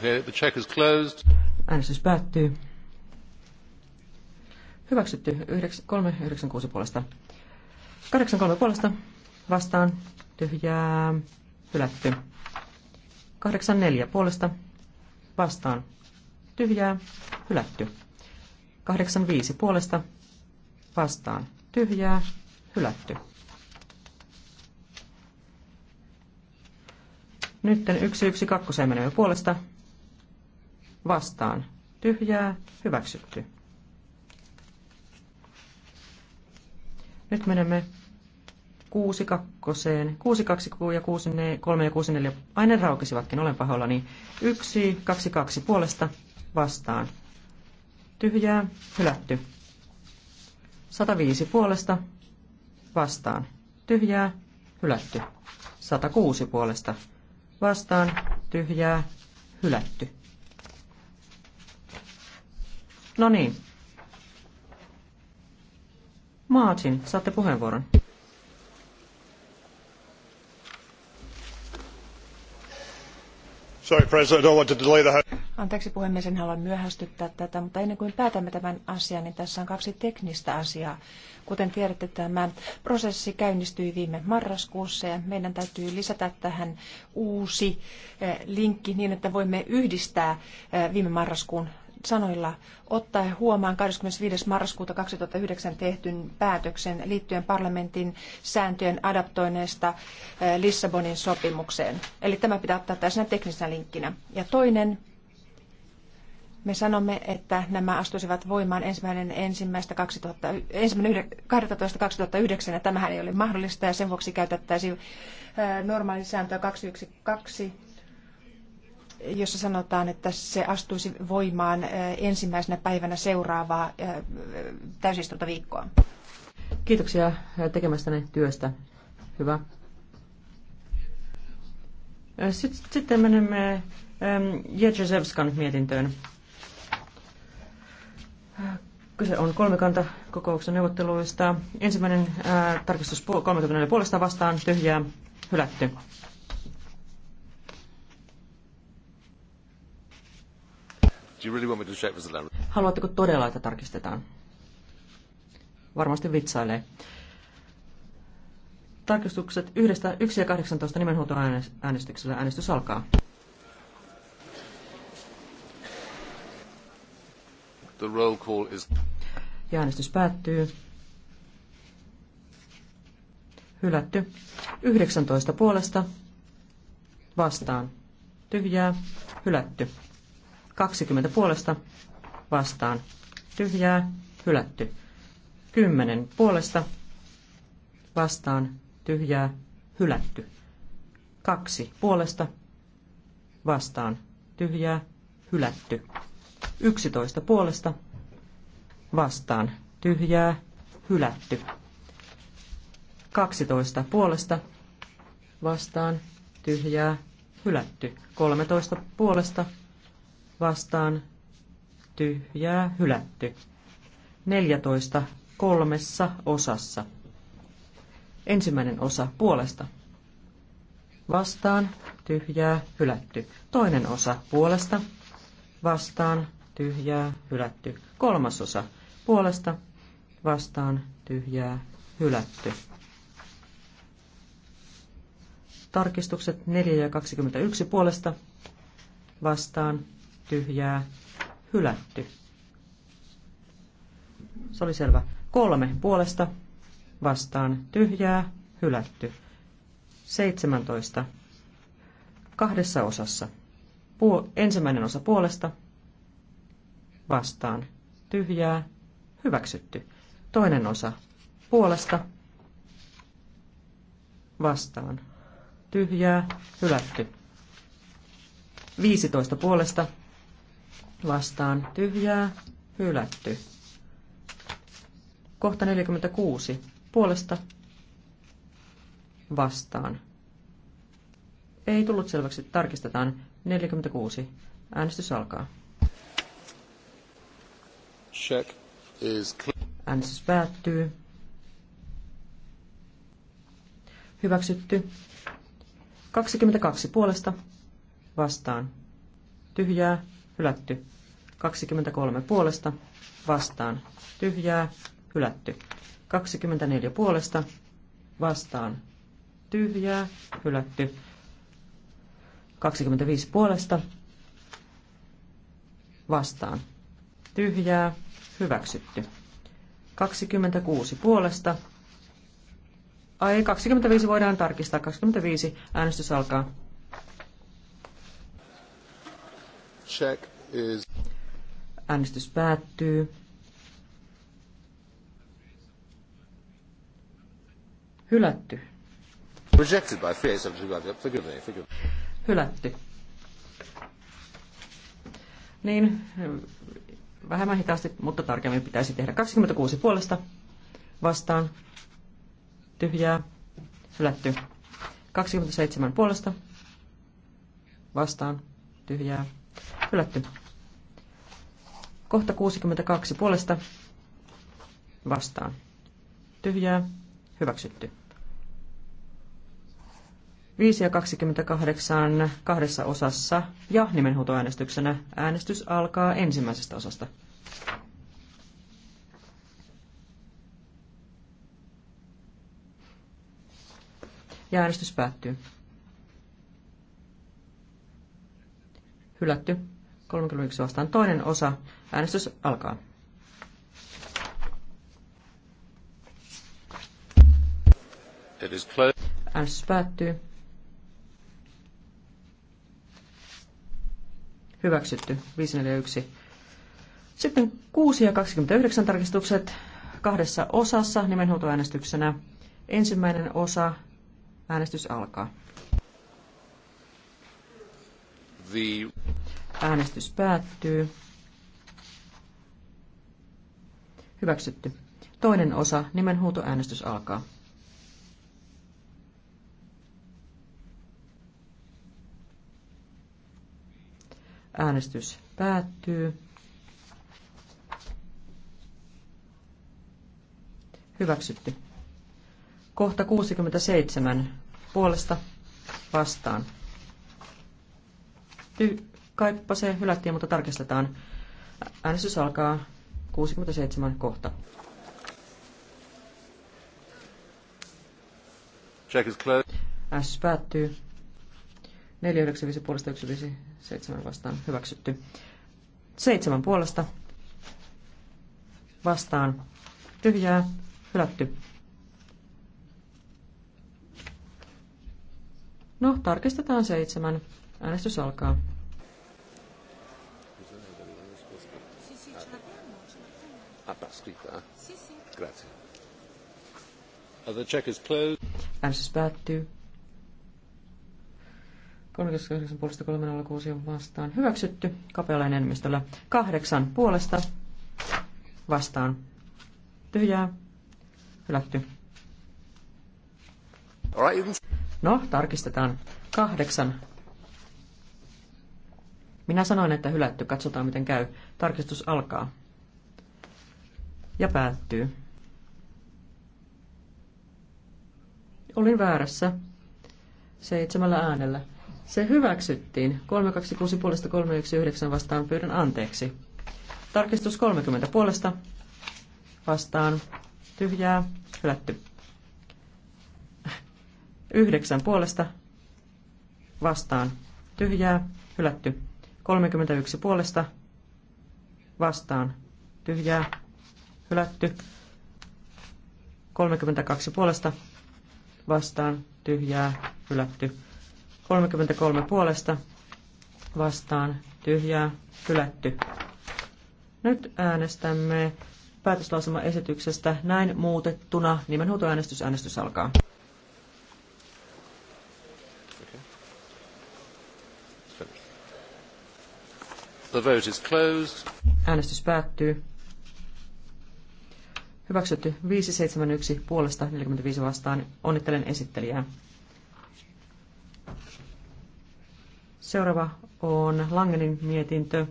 Okay, the check is closed. Äänestys päättyy. Hyväksytty 396 puolesta. 83 puolesta vastaan tyhjää hylätty. 84 puolesta vastaan tyhjää hylätty. 85 puolesta vastaan tyhjää hylätty. Nytten 112 menee puolesta vastaan tyhjää hyväksytty. Nyt menemme 6, 2, 62, 626 ja 3 ja 6, 4. Aine raukesivatkin, olen niin 1, 2, 2 puolesta vastaan. Tyhjää, hylätty. 105 puolesta vastaan. Tyhjää, hylätty. 106 puolesta vastaan. Tyhjää, hylätty. No niin. Martin, saatte puheenvuoron. Sorry, President, I don't want to delay the... Anteeksi puhemies, en halua myöhästyttää tätä, mutta ennen kuin päätämme tämän asian, niin tässä on kaksi teknistä asiaa. Kuten tiedätte, tämä prosessi käynnistyi viime marraskuussa ja meidän täytyy lisätä tähän uusi eh, linkki niin, että voimme yhdistää eh, viime marraskuun sanoilla ottaen huomaan 25. marraskuuta 2009 tehtyn päätöksen liittyen parlamentin sääntöjen adaptoineesta eh, Lissabonin sopimukseen. Eli tämä pitää ottaa tässä teknisenä linkkinä. Ja toinen, me sanomme, että nämä astuisivat voimaan ensimmäinen ensimmäistä 2000, ensimmäinen 12. 2009, ja tämähän ei ole mahdollista, ja sen vuoksi käytettäisiin eh, normaalisääntöä 212 jossa sanotaan, että se astuisi voimaan ensimmäisenä päivänä seuraavaa täysistuntoviikkoa. Kiitoksia tekemästäne työstä. Hyvä. Sitten menemme Jedzewskan mietintöön. Kyse on kolmikanta kokouksen neuvotteluista. Ensimmäinen ää, tarkistus 30 puolesta vastaan, tyhjää, hylätty. Haluatteko todella, että tarkistetaan? Varmasti vitsailee. Tarkistukset yhdestä 1 ja 18 nimenhuutoäänestyksellä äänestys alkaa. The roll call is... Ja äänestys päättyy. Hylätty. 19 puolesta. Vastaan. Tyhjää. Hylätty. 20 puolesta vastaan tyhjää, hylätty. 10 puolesta vastaan tyhjää, hylätty. 2 puolesta vastaan tyhjää, hylätty. 11 puolesta vastaan tyhjää, hylätty. 12 puolesta vastaan tyhjää, hylätty. 13 puolesta vastaan, vastaan tyhjää hylätty. 14 kolmessa osassa. Ensimmäinen osa puolesta. Vastaan tyhjää hylätty. Toinen osa puolesta. Vastaan tyhjää hylätty. Kolmas osa puolesta. Vastaan tyhjää hylätty. Tarkistukset 4 ja 21 puolesta vastaan tyhjää, hylätty. Se oli selvä. Kolme puolesta, vastaan tyhjää, hylätty. 17. Kahdessa osassa. Puo- ensimmäinen osa puolesta, vastaan tyhjää, hyväksytty. Toinen osa puolesta, vastaan tyhjää, hylätty. 15 puolesta, vastaan tyhjää, hylätty. Kohta 46. Puolesta vastaan. Ei tullut selväksi. Tarkistetaan. 46. Äänestys alkaa. Check is Äänestys päättyy. Hyväksytty. 22 puolesta vastaan. Tyhjää hylätty. 23 puolesta, vastaan, tyhjää, hylätty. 24 puolesta, vastaan, tyhjää, hylätty. 25 puolesta, vastaan, tyhjää, hyväksytty. 26 puolesta, ai 25 voidaan tarkistaa, 25 äänestys alkaa. Check is... Äänestys päättyy. Hylätty. Rejected by 387. Forgive me, forgive me. Hylätty. Niin, vähemmän hitaasti, mutta tarkemmin pitäisi tehdä. 26 puolesta vastaan. Tyhjää. Hylätty. 27 puolesta vastaan. Tyhjää. Hylätty. Kohta 62 puolesta vastaan. Tyhjää. Hyväksytty. 5 ja 28 kahdessa osassa ja nimenhuutoäänestyksenä äänestys alkaa ensimmäisestä osasta. Ja äänestys päättyy. Hylätty. 31 vastaan toinen osa. Äänestys alkaa. Äänestys päättyy. Hyväksytty. 541. Sitten 6 ja 29 tarkistukset kahdessa osassa nimenhuutoäänestyksenä. Ensimmäinen osa. Äänestys alkaa. The... Äänestys päättyy. Hyväksytty. Toinen osa, nimenhuutoäänestys alkaa. Äänestys päättyy. Hyväksytty. Kohta 67 puolesta vastaan Ty- kaipa se hylättiin, mutta tarkistetaan. Äänestys alkaa 67 kohta. Check is closed. Äänestys päättyy. 495 puolesta 157 vastaan hyväksytty. Seitsemän puolesta vastaan tyhjää hylätty. No, tarkistetaan seitsemän. Äänestys alkaa. Ah, Äänestys päättyy. 38 puolesta 306 on vastaan. Hyväksytty kapealla enemmistöllä. Kahdeksan puolesta vastaan. Tyhjää. Hylätty. No, tarkistetaan. Kahdeksan. Minä sanoin, että hylätty. Katsotaan, miten käy. Tarkistus alkaa ja päättyy. Olin väärässä. Seitsemällä äänellä. Se hyväksyttiin. 326 puolesta 319 vastaan pyydän anteeksi. Tarkistus 30 puolesta vastaan tyhjää hylätty. Yhdeksän puolesta vastaan tyhjää hylätty. 31 puolesta vastaan tyhjää hylätty. 32 puolesta vastaan tyhjää hylätty. 33 puolesta vastaan tyhjää hylätty. Nyt äänestämme päätöslauselmaesityksestä näin muutettuna. Nimenhuutoäänestys äänestys alkaa. The vote is closed. Äänestys päättyy. Hyväksytty 571 puolesta 45 vastaan. Onnittelen esittelijää. Seuraava on Langenin mietintö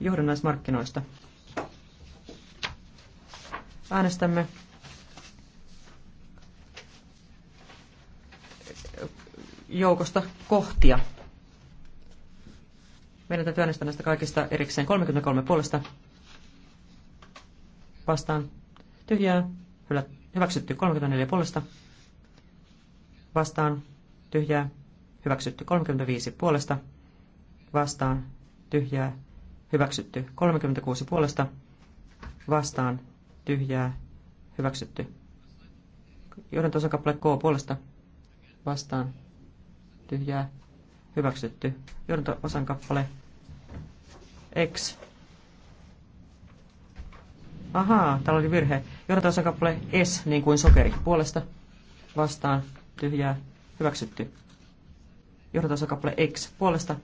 johdannaismarkkinoista. Äänestämme joukosta kohtia. Meidän täytyy äänestää näistä kaikista erikseen 33 puolesta vastaan tyhjää, hyväksytty 34 puolesta, vastaan, tyhjää, hyväksytty 35 puolesta, vastaan, tyhjää, hyväksytty 36 puolesta, vastaan, tyhjää, hyväksytty. Joiden osakappale K puolesta, vastaan, tyhjää, hyväksytty. Joiden osan kappale X Ahaa, täällä oli virhe. Johdataan kappale S, niin kuin sokeri. Puolesta vastaan tyhjää hyväksytty. Johdataan kappale X. Puolesta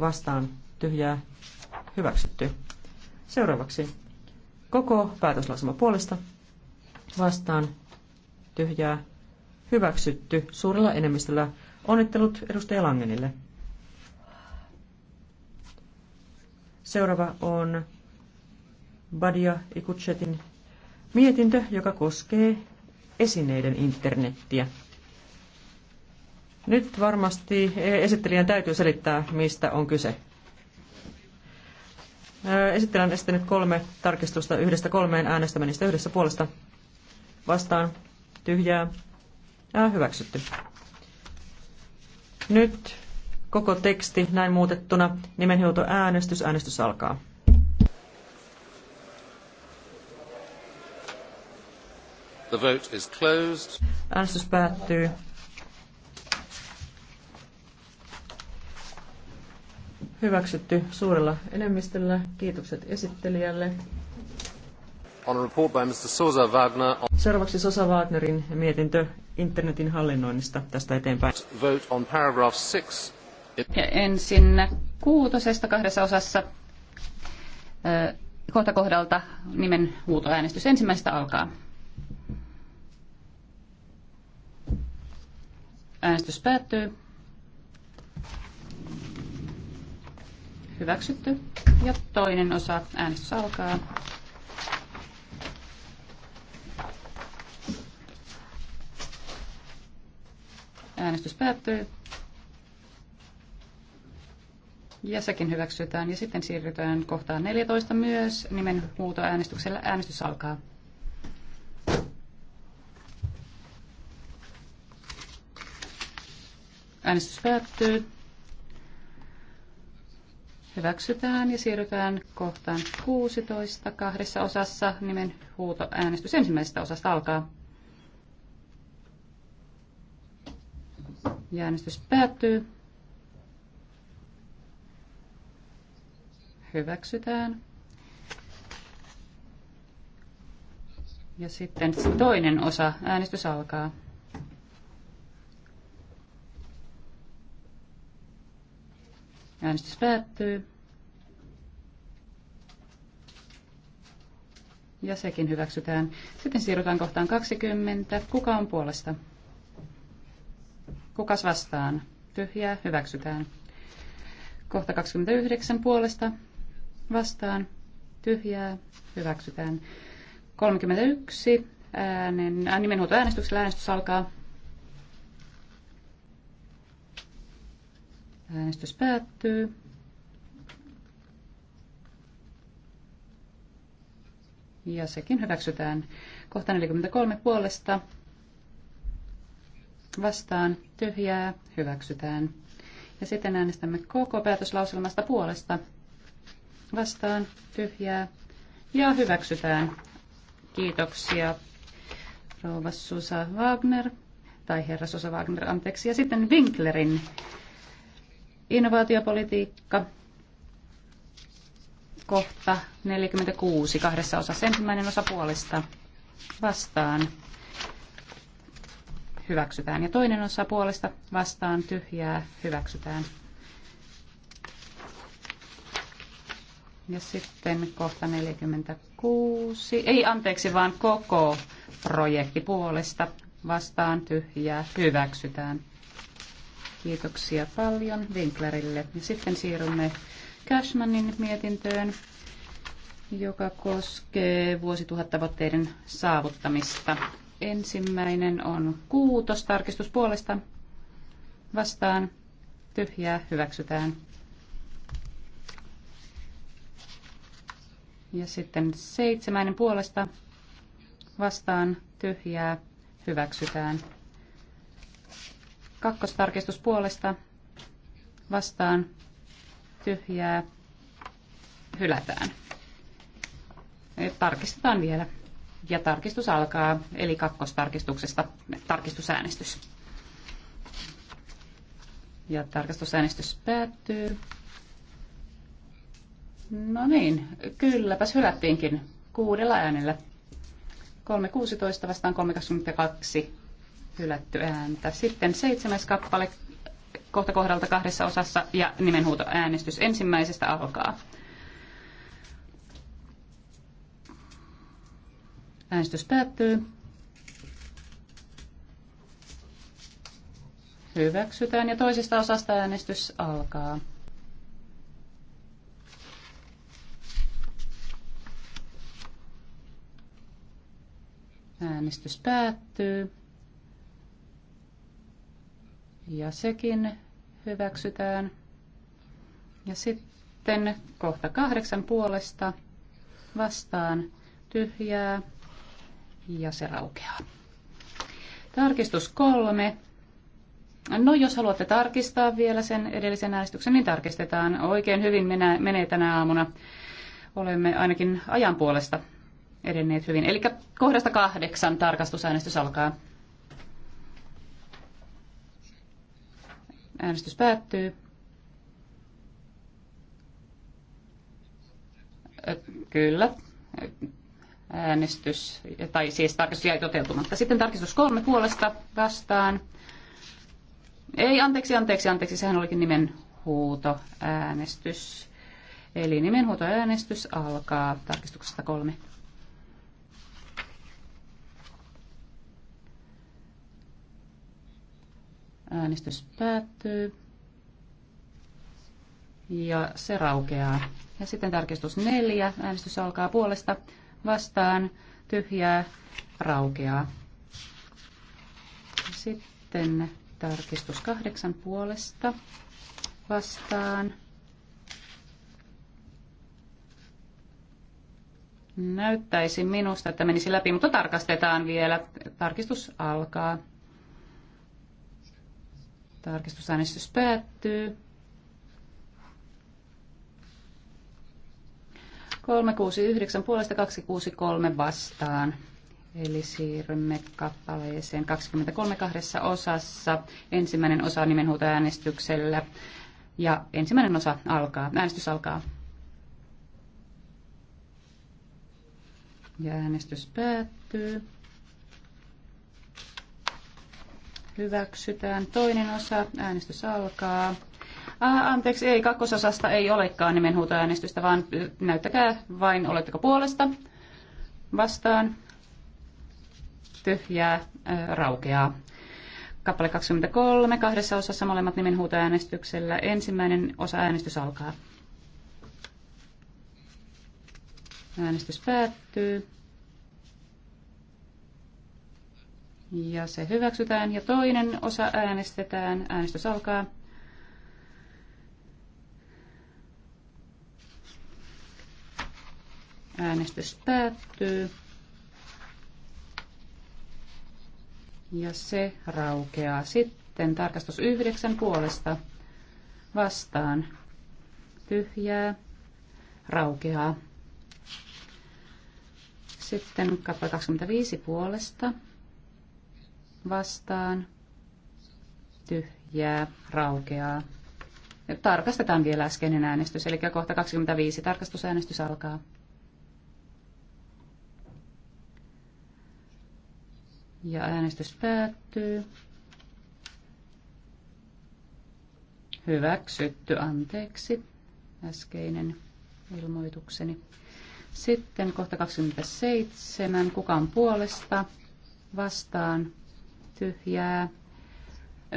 vastaan tyhjää hyväksytty. Seuraavaksi koko päätöslausuma puolesta vastaan tyhjää hyväksytty suurella enemmistöllä. Onnittelut edustaja Langenille. Seuraava on Badia Ikutsetin mietintö, joka koskee esineiden internettiä. Nyt varmasti esittelijän täytyy selittää, mistä on kyse. Äh, Esittelen esittänyt kolme tarkistusta yhdestä kolmeen äänestämänistä yhdessä puolesta. Vastaan tyhjää. ja hyväksytty. Nyt koko teksti näin muutettuna. Nimenhuuto äänestys. Äänestys alkaa. The vote is closed. Äänestys päättyy. Hyväksytty suurella enemmistöllä. Kiitokset esittelijälle. On report by Mr. Sosa Wagner on... Seuraavaksi Sosa Wagnerin mietintö internetin hallinnoinnista tästä eteenpäin. Vote on paragraph six. Ja ensin kuutosesta kahdessa osassa kohta kohdalta nimen huutoäänestys. Ensimmäistä alkaa. Äänestys päättyy. Hyväksytty. Ja toinen osa. Äänestys alkaa. Äänestys päättyy. Ja sekin hyväksytään. Ja sitten siirrytään kohtaan 14 myös. Nimen huutoäänestyksellä äänestys alkaa. Äänestys päättyy. Hyväksytään ja siirrytään kohtaan 16 kahdessa osassa. Nimen huuto äänestys ensimmäisestä osasta alkaa. Ja äänestys päättyy. Hyväksytään. Ja sitten toinen osa. Äänestys alkaa. Äänestys päättyy. Ja sekin hyväksytään. Sitten siirrytään kohtaan 20. Kuka on puolesta? Kukas vastaan? Tyhjää, hyväksytään. Kohta 29 puolesta vastaan. Tyhjää, hyväksytään. 31 äänen, äänestyksellä äänestys alkaa. Äänestys päättyy. Ja sekin hyväksytään. Kohta 43 puolesta. Vastaan tyhjää. Hyväksytään. Ja sitten äänestämme koko päätöslauselmasta puolesta. Vastaan tyhjää. Ja hyväksytään. Kiitoksia rouva Susa Wagner, tai herra Susa Wagner, anteeksi. Ja sitten Winklerin Innovaatiopolitiikka, kohta 46, kahdessa osassa ensimmäinen osa puolesta vastaan hyväksytään ja toinen osa puolesta vastaan tyhjää hyväksytään. Ja sitten kohta 46, ei anteeksi, vaan koko projekti puolesta vastaan tyhjää hyväksytään. Kiitoksia paljon Winklerille. Ja sitten siirrymme Cashmanin mietintöön, joka koskee vuosituhattavoitteiden saavuttamista. Ensimmäinen on kuutos tarkistus puolesta. Vastaan tyhjää hyväksytään. Ja sitten seitsemäinen puolesta vastaan tyhjää hyväksytään. Kakkostarkistus puolesta vastaan tyhjää hylätään. Tarkistetaan vielä. Ja tarkistus alkaa, eli kakkostarkistuksesta tarkistusäänestys. Ja tarkastusäänestys päättyy. No niin, kylläpäs hylättiinkin kuudella äänellä. 3.16 vastaan 3.22 hylätty ääntä. Sitten seitsemäs kappale kohta kohdalta kahdessa osassa ja äänestys ensimmäisestä alkaa. Äänestys päättyy. Hyväksytään ja toisesta osasta äänestys alkaa. Äänestys päättyy. Ja sekin hyväksytään. Ja sitten kohta kahdeksan puolesta vastaan tyhjää ja se raukeaa. Tarkistus kolme. No jos haluatte tarkistaa vielä sen edellisen äänestyksen, niin tarkistetaan. Oikein hyvin minä, menee tänä aamuna. Olemme ainakin ajan puolesta edenneet hyvin. Eli kohdasta kahdeksan tarkastusäänestys alkaa. Äänestys päättyy. Kyllä. Äänestys, tai siis tarkistus jäi toteutumatta. Sitten tarkistus kolme puolesta vastaan. Ei, anteeksi, anteeksi, anteeksi. Sehän olikin nimenhuuto äänestys Eli nimenhuutoäänestys alkaa tarkistuksesta kolme. Äänestys päättyy. Ja se raukeaa. Ja sitten tarkistus neljä. Äänestys alkaa puolesta vastaan. Tyhjää raukeaa. Sitten tarkistus kahdeksan puolesta vastaan. Näyttäisi minusta, että menisi läpi, mutta tarkastetaan vielä. Tarkistus alkaa. Tarkistusäänestys päättyy. 369 puolesta 263 vastaan. Eli siirrymme kappaleeseen 23 kahdessa osassa. Ensimmäinen osa nimenhuutoäänestyksellä. Ja ensimmäinen osa alkaa. Äänestys alkaa. Ja äänestys päättyy. Hyväksytään. Toinen osa. Äänestys alkaa. Ah, anteeksi, ei, kakkososasta ei olekaan nimenhuutoäänestystä, vaan näyttäkää vain, oletteko puolesta. Vastaan. Tyhjää. Äh, raukeaa. Kappale 23, kahdessa osassa molemmat nimenhuutoäänestyksellä. Ensimmäinen osa äänestys alkaa. Äänestys päättyy. Ja se hyväksytään. Ja toinen osa äänestetään. Äänestys alkaa. Äänestys päättyy. Ja se raukeaa sitten. Tarkastus yhdeksän puolesta vastaan. Tyhjää. Raukeaa. Sitten kappale 25 puolesta vastaan tyhjää raukeaa. Ja tarkastetaan vielä äskeinen äänestys, eli kohta 25 tarkastusäänestys alkaa. Ja äänestys päättyy. Hyväksytty, anteeksi, äskeinen ilmoitukseni. Sitten kohta 27. Kuka on puolesta? Vastaan tyhjää.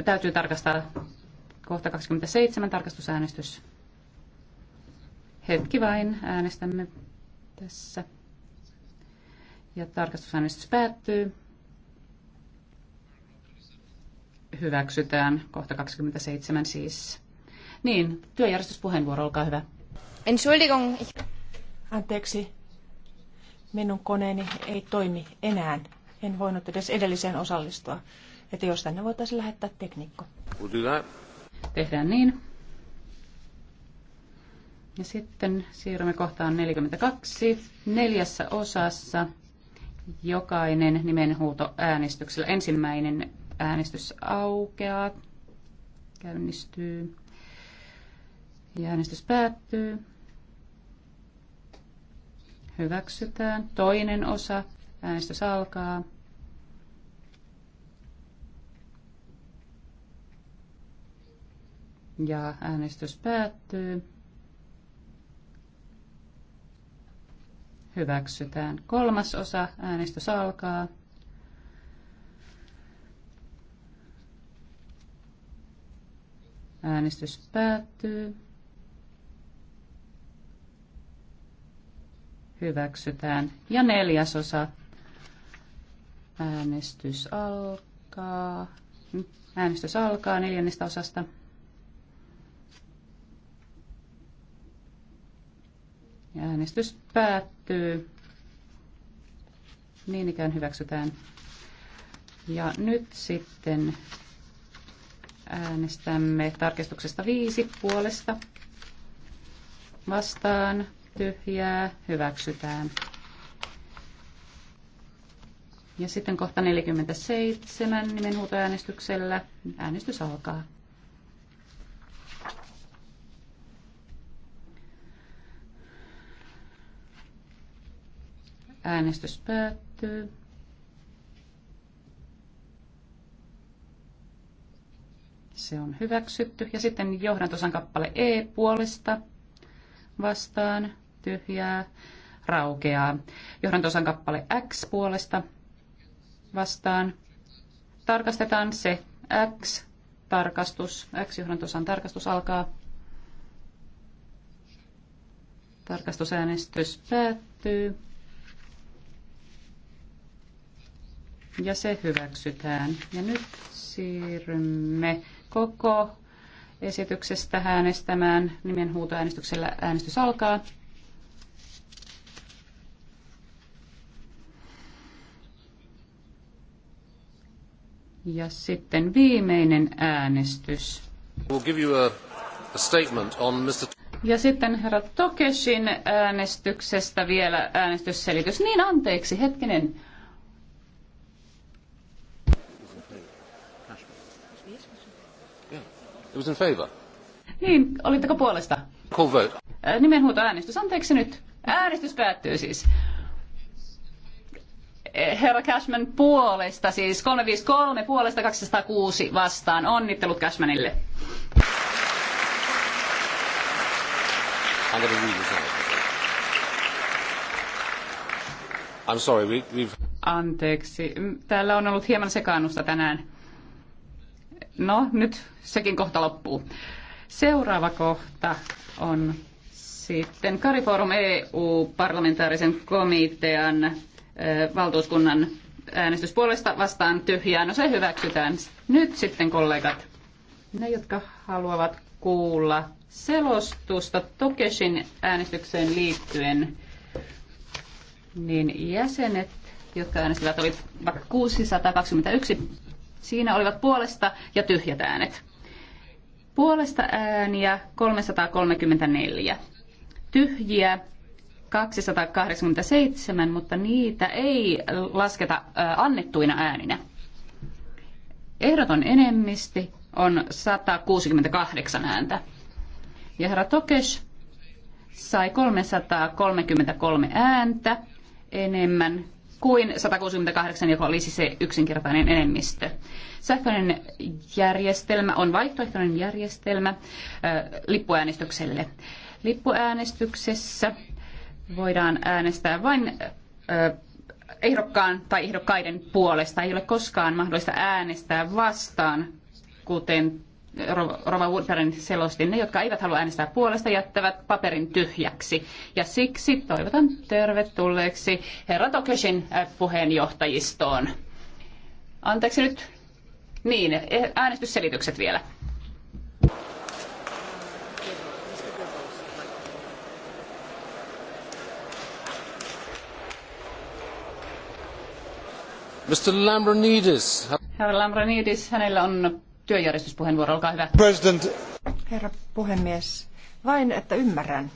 Täytyy tarkastaa kohta 27 tarkastusäänestys. Hetki vain äänestämme tässä. Ja tarkastusäänestys päättyy. Hyväksytään kohta 27 siis. Niin, työjärjestyspuheenvuoro, olkaa hyvä. Entschuldigung. Anteeksi, minun koneeni ei toimi enää. En voinut edes edelliseen osallistua. Että jos tänne voitaisiin lähettää tekniikko. Tehdään niin. Ja sitten siirrymme kohtaan 42 neljässä osassa. Jokainen nimenhuuto äänestyksellä. Ensimmäinen äänestys aukeaa, käynnistyy ja äänestys päättyy. Hyväksytään. Toinen osa Äänestys alkaa. Ja äänestys päättyy. Hyväksytään. Kolmas osa. Äänestys alkaa. Äänestys päättyy. Hyväksytään. Ja neljäs osa. Äänestys alkaa. Äänestys alkaa neljännestä osasta. Ja äänestys päättyy. Niin ikään hyväksytään. Ja nyt sitten äänestämme tarkistuksesta viisi puolesta. Vastaan tyhjää hyväksytään. Ja sitten kohta 47 nimenhuutoäänestyksellä. Äänestys alkaa. Äänestys päättyy. Se on hyväksytty. Ja sitten johdantosan kappale E puolesta vastaan tyhjää raukeaa. Johdantosan kappale X puolesta vastaan. Tarkastetaan se X, tarkastus, X-johdantosan tarkastus alkaa. Tarkastusäänestys päättyy. Ja se hyväksytään. Ja nyt siirrymme koko esityksestä äänestämään. Nimenhuutoäänestyksellä äänestys alkaa. Ja sitten viimeinen äänestys. Ja sitten herra Tokeshin äänestyksestä vielä äänestysselitys. Niin anteeksi, hetkinen. It was in favor. Niin, olitteko puolesta? Call vote. Äh, Nimenhuuto äänestys. Anteeksi nyt. Äänestys päättyy siis. Eh, herra Cashman puolesta, siis 353 puolesta 206 vastaan. Onnittelut Cashmanille. I'm sorry, we, we've... Anteeksi, täällä on ollut hieman sekaannusta tänään. No, nyt sekin kohta loppuu. Seuraava kohta on sitten Kariforum EU-parlamentaarisen komitean valtuuskunnan äänestys puolesta vastaan tyhjää. No se hyväksytään. Nyt sitten kollegat, ne jotka haluavat kuulla selostusta Tokesin äänestykseen liittyen, niin jäsenet, jotka äänestivät, olivat 621. Siinä olivat puolesta ja tyhjät äänet. Puolesta ääniä 334. Tyhjiä 287, mutta niitä ei lasketa annettuina ääninä. Ehdoton enemmisti on 168 ääntä. Ja herra Tokes sai 333 ääntä enemmän kuin 168, joka olisi se yksinkertainen enemmistö. Sähköinen järjestelmä on vaihtoehtoinen järjestelmä lippuäänestykselle. Lippuäänestyksessä voidaan äänestää vain ehdokkaan tai ehdokkaiden puolesta. Ei ole koskaan mahdollista äänestää vastaan, kuten Rova Woodberin selosti. Ne, jotka eivät halua äänestää puolesta, jättävät paperin tyhjäksi. Ja siksi toivotan tervetulleeksi herra Tokeshin puheenjohtajistoon. Anteeksi nyt. Niin, e, äänestysselitykset vielä. Herra hänellä on President. Herra puhemies, vain että ymmärrän.